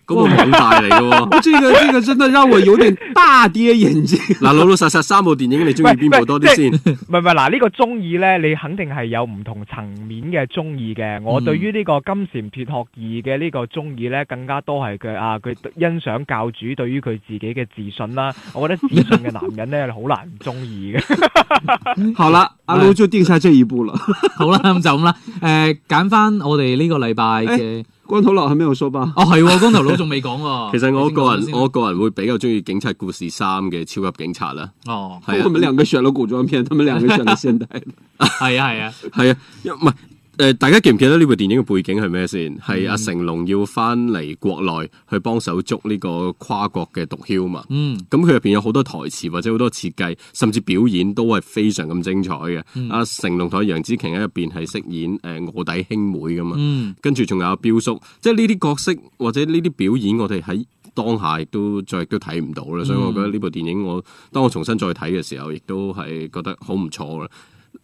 嗰部好大嚟嘅喎，呢個呢個真係讓我有點大跌眼鏡。嗱，老老實實三部電影，你中意邊部多啲先？唔係唔係，嗱呢個中意咧，你肯定係有唔同層面嘅中意嘅。我對於呢個《金蟬脫殼二》嘅呢個中意咧，更加多係佢。啊，佢欣賞教主對於佢自己嘅自信啦。我覺得自信嘅男人咧，好難唔中意嘅。好啦，阿盧就定下這一步啦。好啦，咁就咁啦。誒，揀翻我哋呢個禮拜嘅。光頭佬係咩個蘇吧，哦，係光頭佬仲未講。 其實我個人， 我個人會比較中意《警察故事三》嘅超級警察啦。哦，係啊的。兩、嗯、個選了古裝片， 他們兩個選了現代嘅係啊，係啊， 係啊，要買。誒，大家記唔記得呢部電影嘅背景係咩先？係阿、嗯啊、成龍要翻嚟國內去幫手捉呢個跨國嘅毒梟嘛？嗯，咁佢入邊有好多台詞或者好多設計，甚至表演都係非常咁精彩嘅。阿、嗯啊、成龍同阿楊紫瓊喺入邊係飾演誒卧、呃、底兄妹噶嘛？嗯、跟住仲有阿彪叔，即係呢啲角色或者呢啲表演，我哋喺當下亦都再都睇唔到啦。嗯、所以我覺得呢部電影我，我當我重新再睇嘅時候，亦都係覺得好唔錯啦。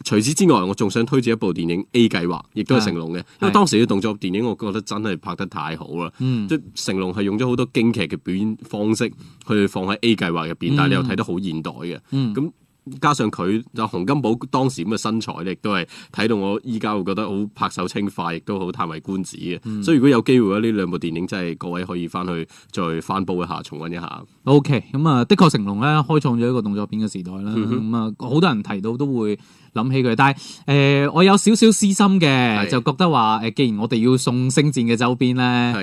除此之外，我仲想推薦一部電影 A 計劃《A 計劃》，亦都係成龍嘅。因為當時嘅動作電影，我覺得真係拍得太好啦。嗯、即成龍係用咗好多京劇嘅表演方式去放喺《A 計劃》入邊，但係你又睇得好現代嘅。咁、嗯、加上佢就洪金寶當時咁嘅身材咧，亦都係睇到我依家會覺得好拍手稱快，亦都好嘆為觀止嘅。嗯、所以如果有機會呢兩部電影真係各位可以翻去再翻煲一下，重溫一下。O K. 咁啊，的確成龍咧開創咗一個動作片嘅時代啦。咁啊、嗯哼，好多人提到都會。諗起佢，但係誒、呃，我有少少私心嘅，的就覺得話誒、呃，既然我哋要送星戰嘅周邊咧，誒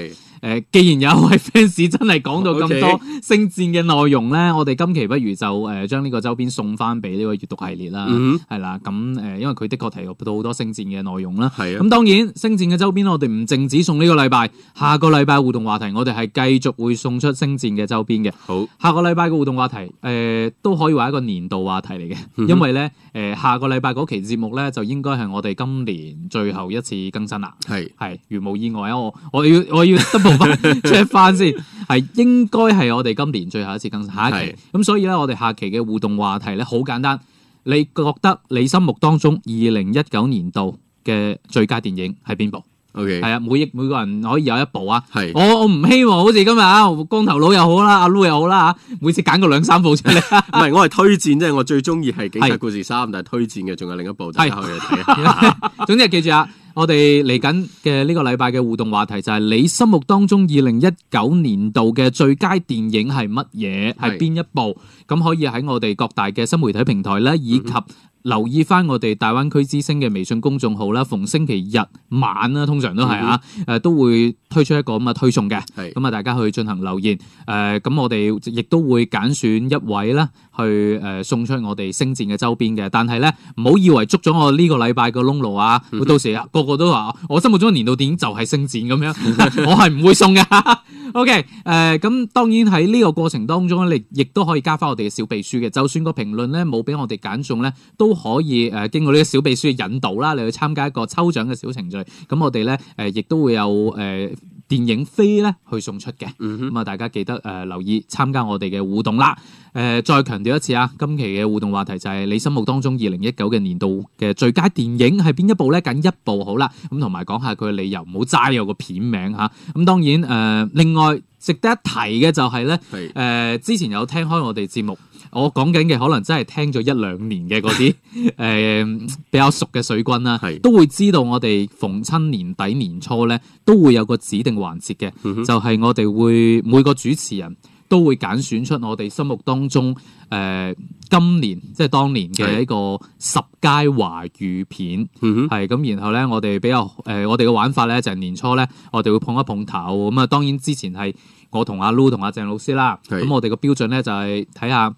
的、呃，既然有一位 fans 真係講到咁多星戰嘅內容咧，Okay 我哋今期不如就誒、呃、將呢個周邊送翻俾呢個閲讀系列啦，係啦、嗯哼，咁誒，因為佢的確提到到好多星戰嘅內容啦，咁的當然星戰嘅周邊，我哋唔淨止送呢個禮拜，下個禮拜互動話題，我哋係繼續會送出星戰嘅周邊嘅。好，下個禮拜嘅互動話題誒、呃，都可以話一個年度話題嚟嘅，因為咧誒， 下個禮。八嗰期節目咧，就應該係我哋今年最後一次更新啦。係係是，如無意外啊，我我要我要 double check 翻先，係 應該係我哋今年最後一次更新，下一期。咁是所以咧，我哋下期嘅互動話題咧，好簡單，你覺得你心目當中二零一九年度嘅最佳電影係邊部？OK，係啊，每億每個人可以有一部啊。係是，我我唔希望好似今日啊，光頭佬又好啦、啊，阿 Luc 又好啦、啊、吓，每次揀個兩三部出嚟。唔係，我係推薦啫，我最中意係《警察故事三是》，但係推薦嘅仲有另一部，大家可以睇。是 總之記住啊，我哋嚟緊嘅呢個禮拜嘅互動話題就係你心目當中二零一九年度嘅最佳電影係乜嘢？係邊是一部？咁可以喺我哋各大嘅新媒體平台咧，以及。 留意翻我哋大灣區之星嘅微信公眾號啦，逢星期日晚啦，通常都係啊，誒的、呃、都會推出一個咁嘅推送嘅，咁啊的大家去進行留言，誒、呃、咁我哋亦都會揀選一位啦。去誒送出我哋星戰嘅周邊嘅，但係咧唔好以為捉咗我呢個禮拜個窿路啊！我 到時個個都話我心目中年度電影就係星戰咁樣， 我係唔會送㗎。 OK，誒、呃、咁當然喺呢個過程當中咧，你亦都可以加翻我哋嘅小秘書嘅，就算個評論咧冇俾我哋揀中咧，都可以誒經過呢個小秘書嘅引導啦，你去參加一個抽獎嘅小程序。咁我哋咧誒亦都會有誒。呃電影飛咧去送出嘅，咁啊、嗯、哼大家記得誒留意參加我哋嘅互動啦。誒、呃、再強調一次啊，今期嘅互動話題就係你心目當中二零一九嘅年度嘅最佳電影係邊一部咧？揀一部好啦，咁同埋講下佢嘅理由，唔好齋有個片名嚇。咁、嗯、當然誒、呃，另外值得一提嘅就係、是、咧，誒是、呃、之前有聽開我哋節目。我講緊嘅可能真係聽咗一兩年嘅嗰啲誒比較熟嘅水軍啦、啊，是的 都會知道我哋逢親年底年初咧都會有個指定環節嘅，嗯、哼 就係我哋會每個主持人都會揀選出我哋心目當中誒、呃、今年即係當年嘅一個十佳華語片，係咁。然後咧我哋比較誒、呃、我哋嘅玩法咧就係、是、年初咧我哋會碰一碰頭，咁啊當然之前係我同阿 Loo 同阿鄭老師啦，咁是的 我哋嘅標準咧就係睇下。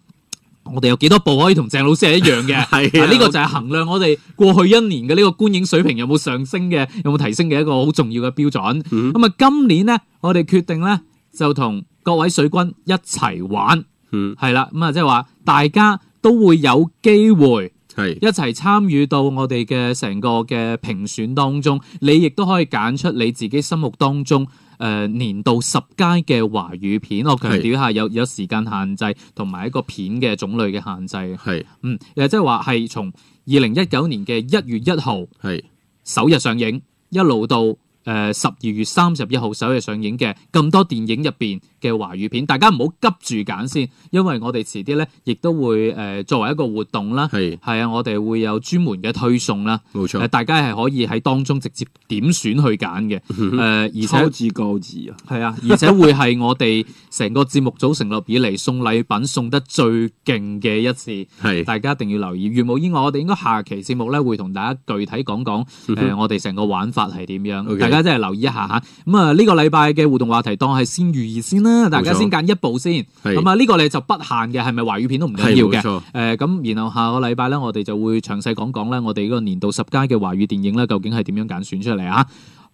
我哋有幾多部可以同鄭老師係一樣嘅？係、 啊，呢、啊這個就係衡量我哋過去一年嘅呢個觀影水平有冇上升嘅，有冇提升嘅一個好重要嘅標準。咁啊、mm，hmm. 今年呢，我哋決定呢，就同各位水軍一齊玩。嗯、mm，係啦，咁啊，即係話大家都會有機會係一齊參與到我哋嘅成個嘅評選當中。Mm hmm. 你亦都可以揀出你自己心目當中。誒年度十佳嘅華語片，我強調一下，有有時間限制同埋一個片嘅種類嘅限制。係是，嗯，即係話係從二零一九年嘅一月一號係首日上映一路到。誒十二月三十一號首日上映嘅咁多電影入邊嘅華語片，大家唔好急住揀先，因為我哋遲啲咧亦都會誒、呃、作為一個活動啦。係係啊，的的我哋會有專門嘅推送啦。冇錯、呃，大家係可以喺當中直接點選去揀嘅。誒、呃， 而且粗字夠啊！係啊，而且會係我哋成個節目組成立以嚟送禮品送得最勁嘅一次。係的，大家一定要留意。如無意外，我哋應該下期節目咧會同大家具體講講誒我哋成個玩法係點樣。 大家真係留意一下嚇，咁啊呢個禮拜嘅互動話題，當係先預熱先啦。錯大家先揀一部先，咁啊呢個你就不限嘅，係咪華語片都唔緊要嘅。誒咁、呃，然後下個禮拜咧，我哋就會詳細講講咧，我哋嗰個年度十佳嘅華語電影咧，究竟係點樣揀選出嚟啊？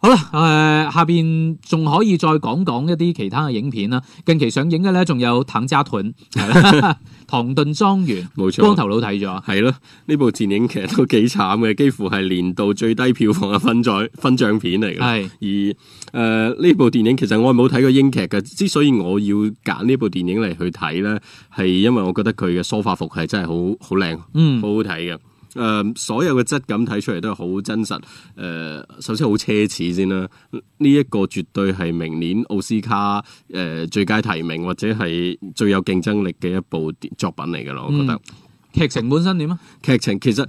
好啦，誒、呃，下邊仲可以再講講一啲其他嘅影片啦。近期上映嘅咧，仲有坦《藤扎團》錯、《唐頓莊園》，冇錯。光頭佬睇咗？係咯，呢部電影其實都幾慘嘅，幾乎係年度最低票房嘅分在分賬片嚟嘅。係是而誒，呢、呃、部電影其實我係冇睇過英劇嘅，之所以我要揀呢部電影嚟去睇咧，係因為我覺得佢嘅梳化服係真係好好靚，嗯，好好睇嘅。誒、呃，所有嘅質感睇出嚟都係好真實。誒、呃，首先好奢侈先啦，呢、這、一個絕對係明年奧斯卡誒、呃、最佳提名或者係最有競爭力嘅一部作品嚟㗎咯。嗯、我覺得劇情本身點啊？劇情其實誒、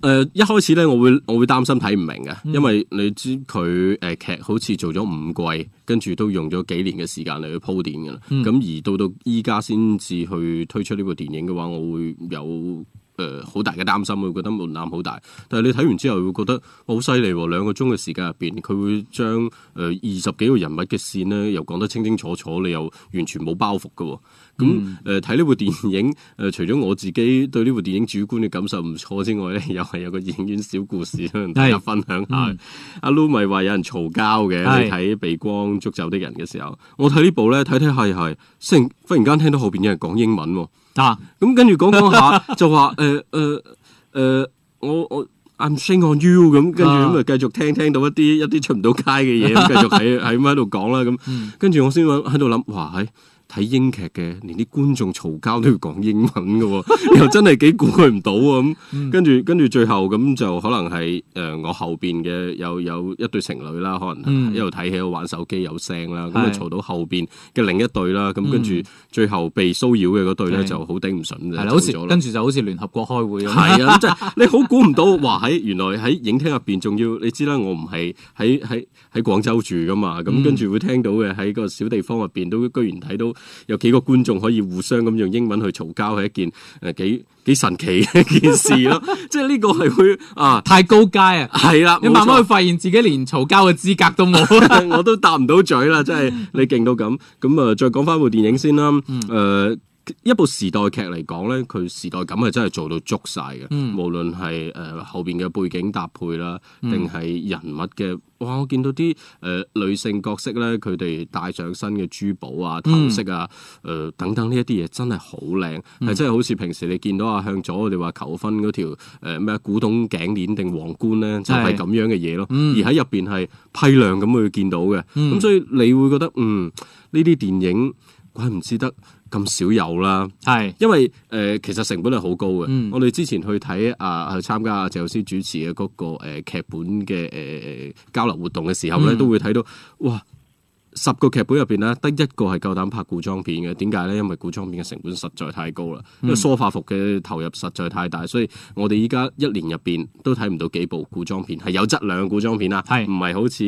呃、一開始咧，我會我會擔心睇唔明嘅，嗯、因為你知佢誒劇好似做咗五季，跟住都用咗幾年嘅時間嚟去鋪墊噶啦。咁、嗯、而到到依家先至去推出呢部電影嘅話，我會有。誒，好大嘅擔心，會覺得門檻好大。但係你睇完之後，會覺得好犀利喎。兩個鐘嘅時間入邊，佢會將誒二十幾個人物嘅線呢，又講得清清楚楚，你又完全冇包袱㗎。咁誒，睇呢部電影誒、呃，除咗我自己對呢部電影主觀嘅感受唔錯之外咧，又係有個影院小故事想大家分享下。嗯、阿 Lu 咪話有人嘈交嘅，是你睇《被光抓走的人》嘅時候，我睇呢部咧睇睇下又係，忽然忽然間聽到後邊有人講英文、哦。嗱，咁、啊嗯、跟住講講下， 就話誒誒誒，我我 I'm singing you 咁，跟住咁啊繼續聽聽到一啲一啲出唔到街嘅嘢，咁繼 續喺喺咁喺度講啦，咁，嗯嗯、跟住我先喺度諗，哇係。哎睇英劇嘅，連啲觀眾嘈交都要講英文嘅，又真係幾估佢唔到啊！咁跟住跟住最後咁就可能係誒我後邊嘅有有一對情侶啦，可能一路睇戲玩手機有聲啦，咁啊嘈到後邊嘅另一對啦，咁跟住最後被騷擾嘅嗰對咧就好頂唔順嘅，係啦，好似跟住就好似聯合國開會咁，係啊，即係你好估唔到，哇！喺原來喺影廳入邊仲要你知啦，我唔係喺喺喺廣州住噶嘛，咁跟住會聽到嘅喺個小地方入邊都居然睇到。有幾個觀眾可以互相咁用英文去嘈交係一件誒、呃、幾幾神奇嘅一件事咯， 即係呢個係會啊太高階啊，係啦，錯你慢慢去發現自己連嘈交嘅資格都冇、 啊，我都答唔到嘴啦，真係你勁到咁，咁啊、呃、再講翻部電影先啦，誒、嗯。呃一部時代劇嚟講咧，佢時代感係真係做到足晒嘅。無論係誒後邊嘅背景搭配啦，定係人物嘅，哇！我見到啲誒女性角色咧，佢哋戴上新嘅珠寶啊、頭飾啊、誒等等呢一啲嘢，真係好靚，係真係好似平時你見到啊，向佐你話求婚嗰條咩古董頸鏈定皇冠咧，就係咁樣嘅嘢咯。而喺入邊係批量咁去見到嘅，咁所以你會覺得嗯呢啲電影。怪唔知得咁少有啦，係，因為誒、呃、其實成本係好高嘅，嗯、我哋之前去睇啊去參加阿謝老師主持嘅嗰個誒、呃、劇本嘅誒、呃、交流活動嘅時候咧，嗯、都會睇到哇。十個劇本入邊咧，得一個係夠膽拍古裝片嘅，點解咧？因為古裝片嘅成本實在太高啦，嗯、因為梳化服嘅投入實在太大，所以我哋依家一年入邊都睇唔到幾部古裝片，係有質量嘅古裝片啦，係唔係好似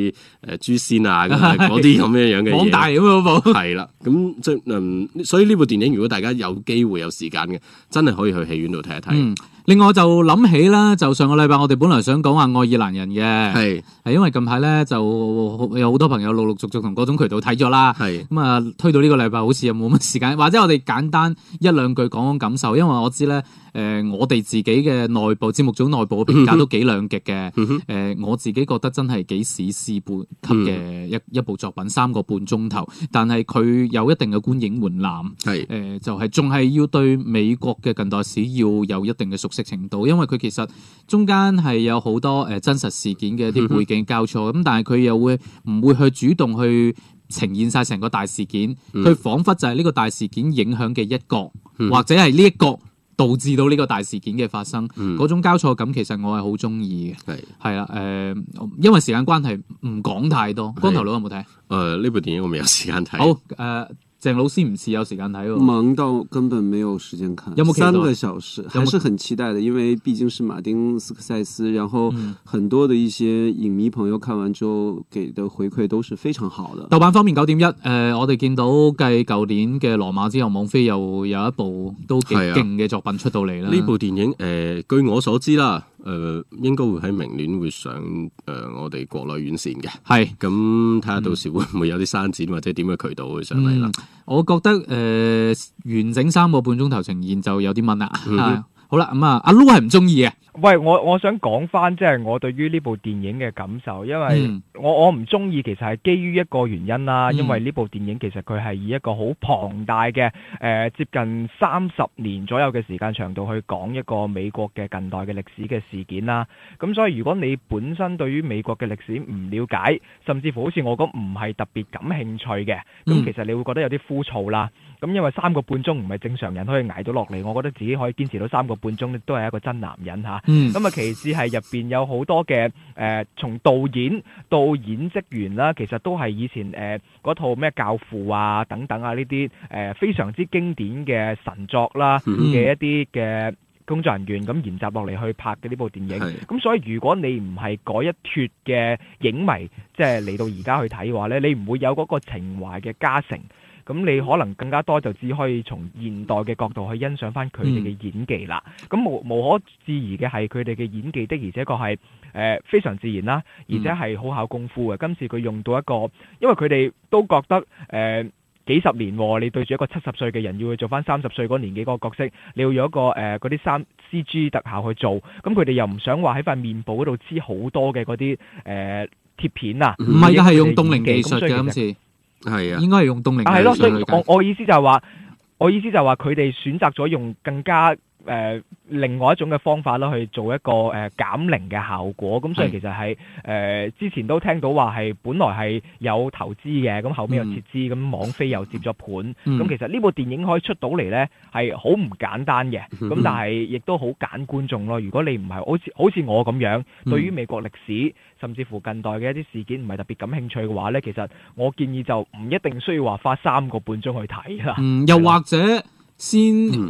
誒誅仙啊嗰啲咁樣樣嘅嘢，係啦， 咁即係，嗯，所以呢部電影如果大家有機會有時間嘅，真係可以去戲院度睇一睇。嗯另外就諗起啦，就上個禮拜我哋本來想講下愛爾蘭人嘅，係是，係因為近排咧就有好多朋友陸陸續續同各種渠道睇咗啦，係是，咁啊推到呢個禮拜好似又冇乜時間，或者我哋簡單一兩句講講感受，因為我知咧誒、呃、我哋自己嘅內部節目組內部評價都幾兩極嘅，誒我自己覺得真係幾史詩般級嘅一一部作品、嗯、三個半鐘頭，但係佢有一定嘅觀影門檻係誒就係仲係要對美國嘅近代史要有一定嘅熟食程度，因為佢其實中間係有好多誒真實事件嘅一啲背景交錯，咁、嗯、但係佢又會唔會去主動去呈現晒成個大事件？佢仿佛就係呢個大事件影響嘅一角，嗯、或者係呢一角導致到呢個大事件嘅發生，嗰、嗯、種交錯感，其實我係好中意嘅。係係啦，誒、呃，因為時間關係唔講太多。的光頭佬有冇睇？誒、呃，呢部電影我未有時間睇。好、呃、誒。鄭老師唔似有時間睇喎，忙到根本沒有時間看。有冇三個小時，還是很期待的，因為畢竟是馬丁斯克塞斯，然後很多的一些影迷朋友看完之後給的回饋都是非常好的。豆瓣方面九點一，我哋見到繼舊年嘅羅馬之後，網飛又有一部都幾勁嘅作品出到嚟啦。呢、啊、部電影誒、呃，據我所知啦。誒、呃、應該會喺明年會上誒、呃、我哋國內院線嘅，係咁睇下到時會唔會有啲刪展，嗯、或者點嘅渠道會上嚟啦、嗯。我覺得誒、呃、完整三個半鐘頭呈現就有啲蚊啦。嗯哼好啦，阿 Lu 係唔中意啊？喂，我我想講翻，即係我對於呢部電影嘅感受，因為我我唔中意，其實係基於一個原因啦。因為呢部電影其實佢係以一個好龐大嘅誒、呃，接近三十年左右嘅時間長度去講一個美國嘅近代嘅歷史嘅事件啦。咁所以如果你本身對於美國嘅歷史唔了解，甚至乎好似我咁唔係特別感興趣嘅，咁其實你會覺得有啲枯燥啦。咁因為三個半鐘唔係正常人可以挨到落嚟，我覺得自己可以堅持到三個半鐘都係一個真男人吓。咁啊、嗯，其次係入邊有好多嘅，誒，從、呃、導演到演職員啦，其實都係以前誒嗰、呃、套咩教父啊等等啊呢啲誒非常之經典嘅神作啦、啊、嘅、嗯、一啲嘅工作人員咁延集落嚟去拍嘅呢部電影。咁的、嗯、所以如果你唔係嗰一脱嘅影迷，即係嚟到而家去睇嘅話咧，你唔會有嗰個情懷嘅加成。咁你可能更加多就只可以從現代嘅角度去欣賞翻佢哋嘅演技啦。咁、嗯、無無可置疑嘅係佢哋嘅演技的，而且確係誒非常自然啦，而且係好考功夫嘅。嗯、今次佢用到一個，因為佢哋都覺得誒、呃、幾十年、喔，你對住一個七十歲嘅人要去做翻三十歲嗰年紀嗰個角色，你要用一個誒啲三 CG 特效去做，咁佢哋又唔想話喺塊面部嗰度黐好多嘅嗰啲誒貼片啊，唔係啊，係用凍齡技術今次。係啊， 應該係用東去去。但係咯，所以我我意思就係話，我意思就係話，佢哋選擇咗用更加。誒，另外一種嘅方法啦，去做一個誒減齡嘅效果。咁所的、嗯嗯、以其實係誒之前都聽到話係本來係有投資嘅，咁後尾又撤資，咁網飛又接咗盤。咁、嗯嗯、其實呢部電影可以出到嚟呢係好唔簡單嘅。咁但係亦都好揀觀眾咯。如果你唔係好似好似我咁樣，嗯、對於美國歷史甚至乎近代嘅一啲事件唔係特別感興趣嘅話呢，其實我建議就唔一定需要話花三個半鐘去睇啦、嗯。又或者。 先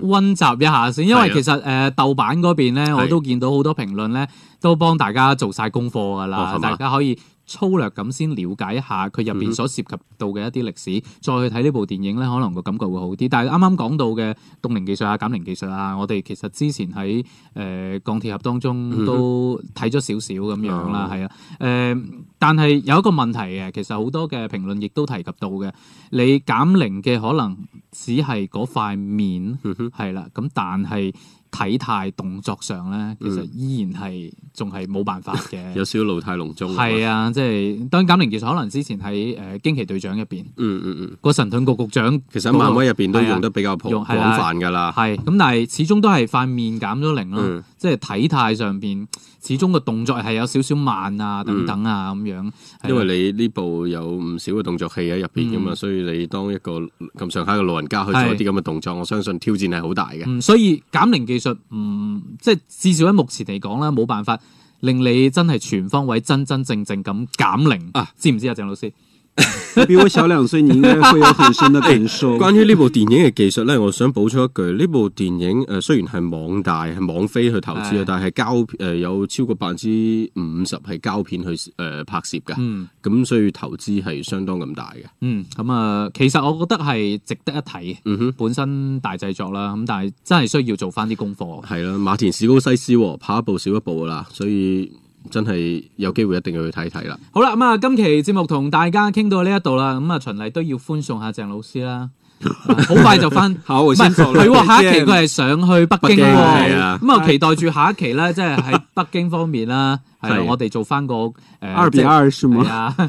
溫習一下先，嗯、因為其實誒、啊呃、豆瓣嗰邊咧，啊、我都見到好多評論咧，都幫大家做晒功課㗎啦。哦、大家可以粗略咁先了解一下佢入邊所涉及到嘅一啲歷史，嗯、哼再去睇呢部電影咧，可能個感覺會好啲。但係啱啱講到嘅凍齡技術啊、減齡技術啊，我哋其實之前喺誒、呃、鋼鐵俠當中都睇咗少少咁樣啦，係啊。誒，但係有一個問題嘅，其實好多嘅評論亦都提及到嘅，你減齡嘅可能。只係嗰塊面，係啦， 咁但係。體態動作上咧，其實依然係仲係冇辦法嘅， 有少少老態龍鍾。係啊，即係當然減齡技術可能之前喺誒驚奇隊長入邊，嗯，嗯嗯嗯、個神盾局局長、那個，其實漫威入邊都用得比較普廣、啊、泛噶啦。係咁，但係始終都係塊、嗯、面減咗齡咯，即係體態上邊始終個動作係有少少慢啊等等啊咁、嗯嗯、樣。啊、因為你呢部有唔少嘅動作戲喺入邊噶嘛，嗯、所以你當一個咁上下嘅老人家去做一啲咁嘅動作的，我相信挑戰係好大嘅、嗯。所以減齡技術。就唔即係至少喺目前嚟講啦，冇辦法令你真係全方位真真正正咁減齡啊？知唔知啊，鄭老師。比我小兩歲，你應該會有很深的定數。關於呢部電影嘅技術咧，我想補充一句：呢部電影誒、呃，雖然係網大、係網飛去投資啊，的但係膠誒有超過百分之五十係膠片去誒、呃、拍攝噶。咁、嗯、所以投資係相當咁大嘅、嗯。嗯，咁、嗯、啊，其實我覺得係值得一睇。嗯、哼本身大製作啦，咁但係真係需要做翻啲功課。係啦，馬田史高西斯，拍一部少一部啦，所以。真係有機會一定要去睇睇啦。好啦，咁啊，今期節目同大家傾到呢一度啦。咁啊，循例都要歡送下鄭老師啦。好快就翻，唔係佢喎，下一期佢係上去北京喎。咁啊，期待住下一期咧，即係喺北京方面啦，係我哋做翻個二比二係咪？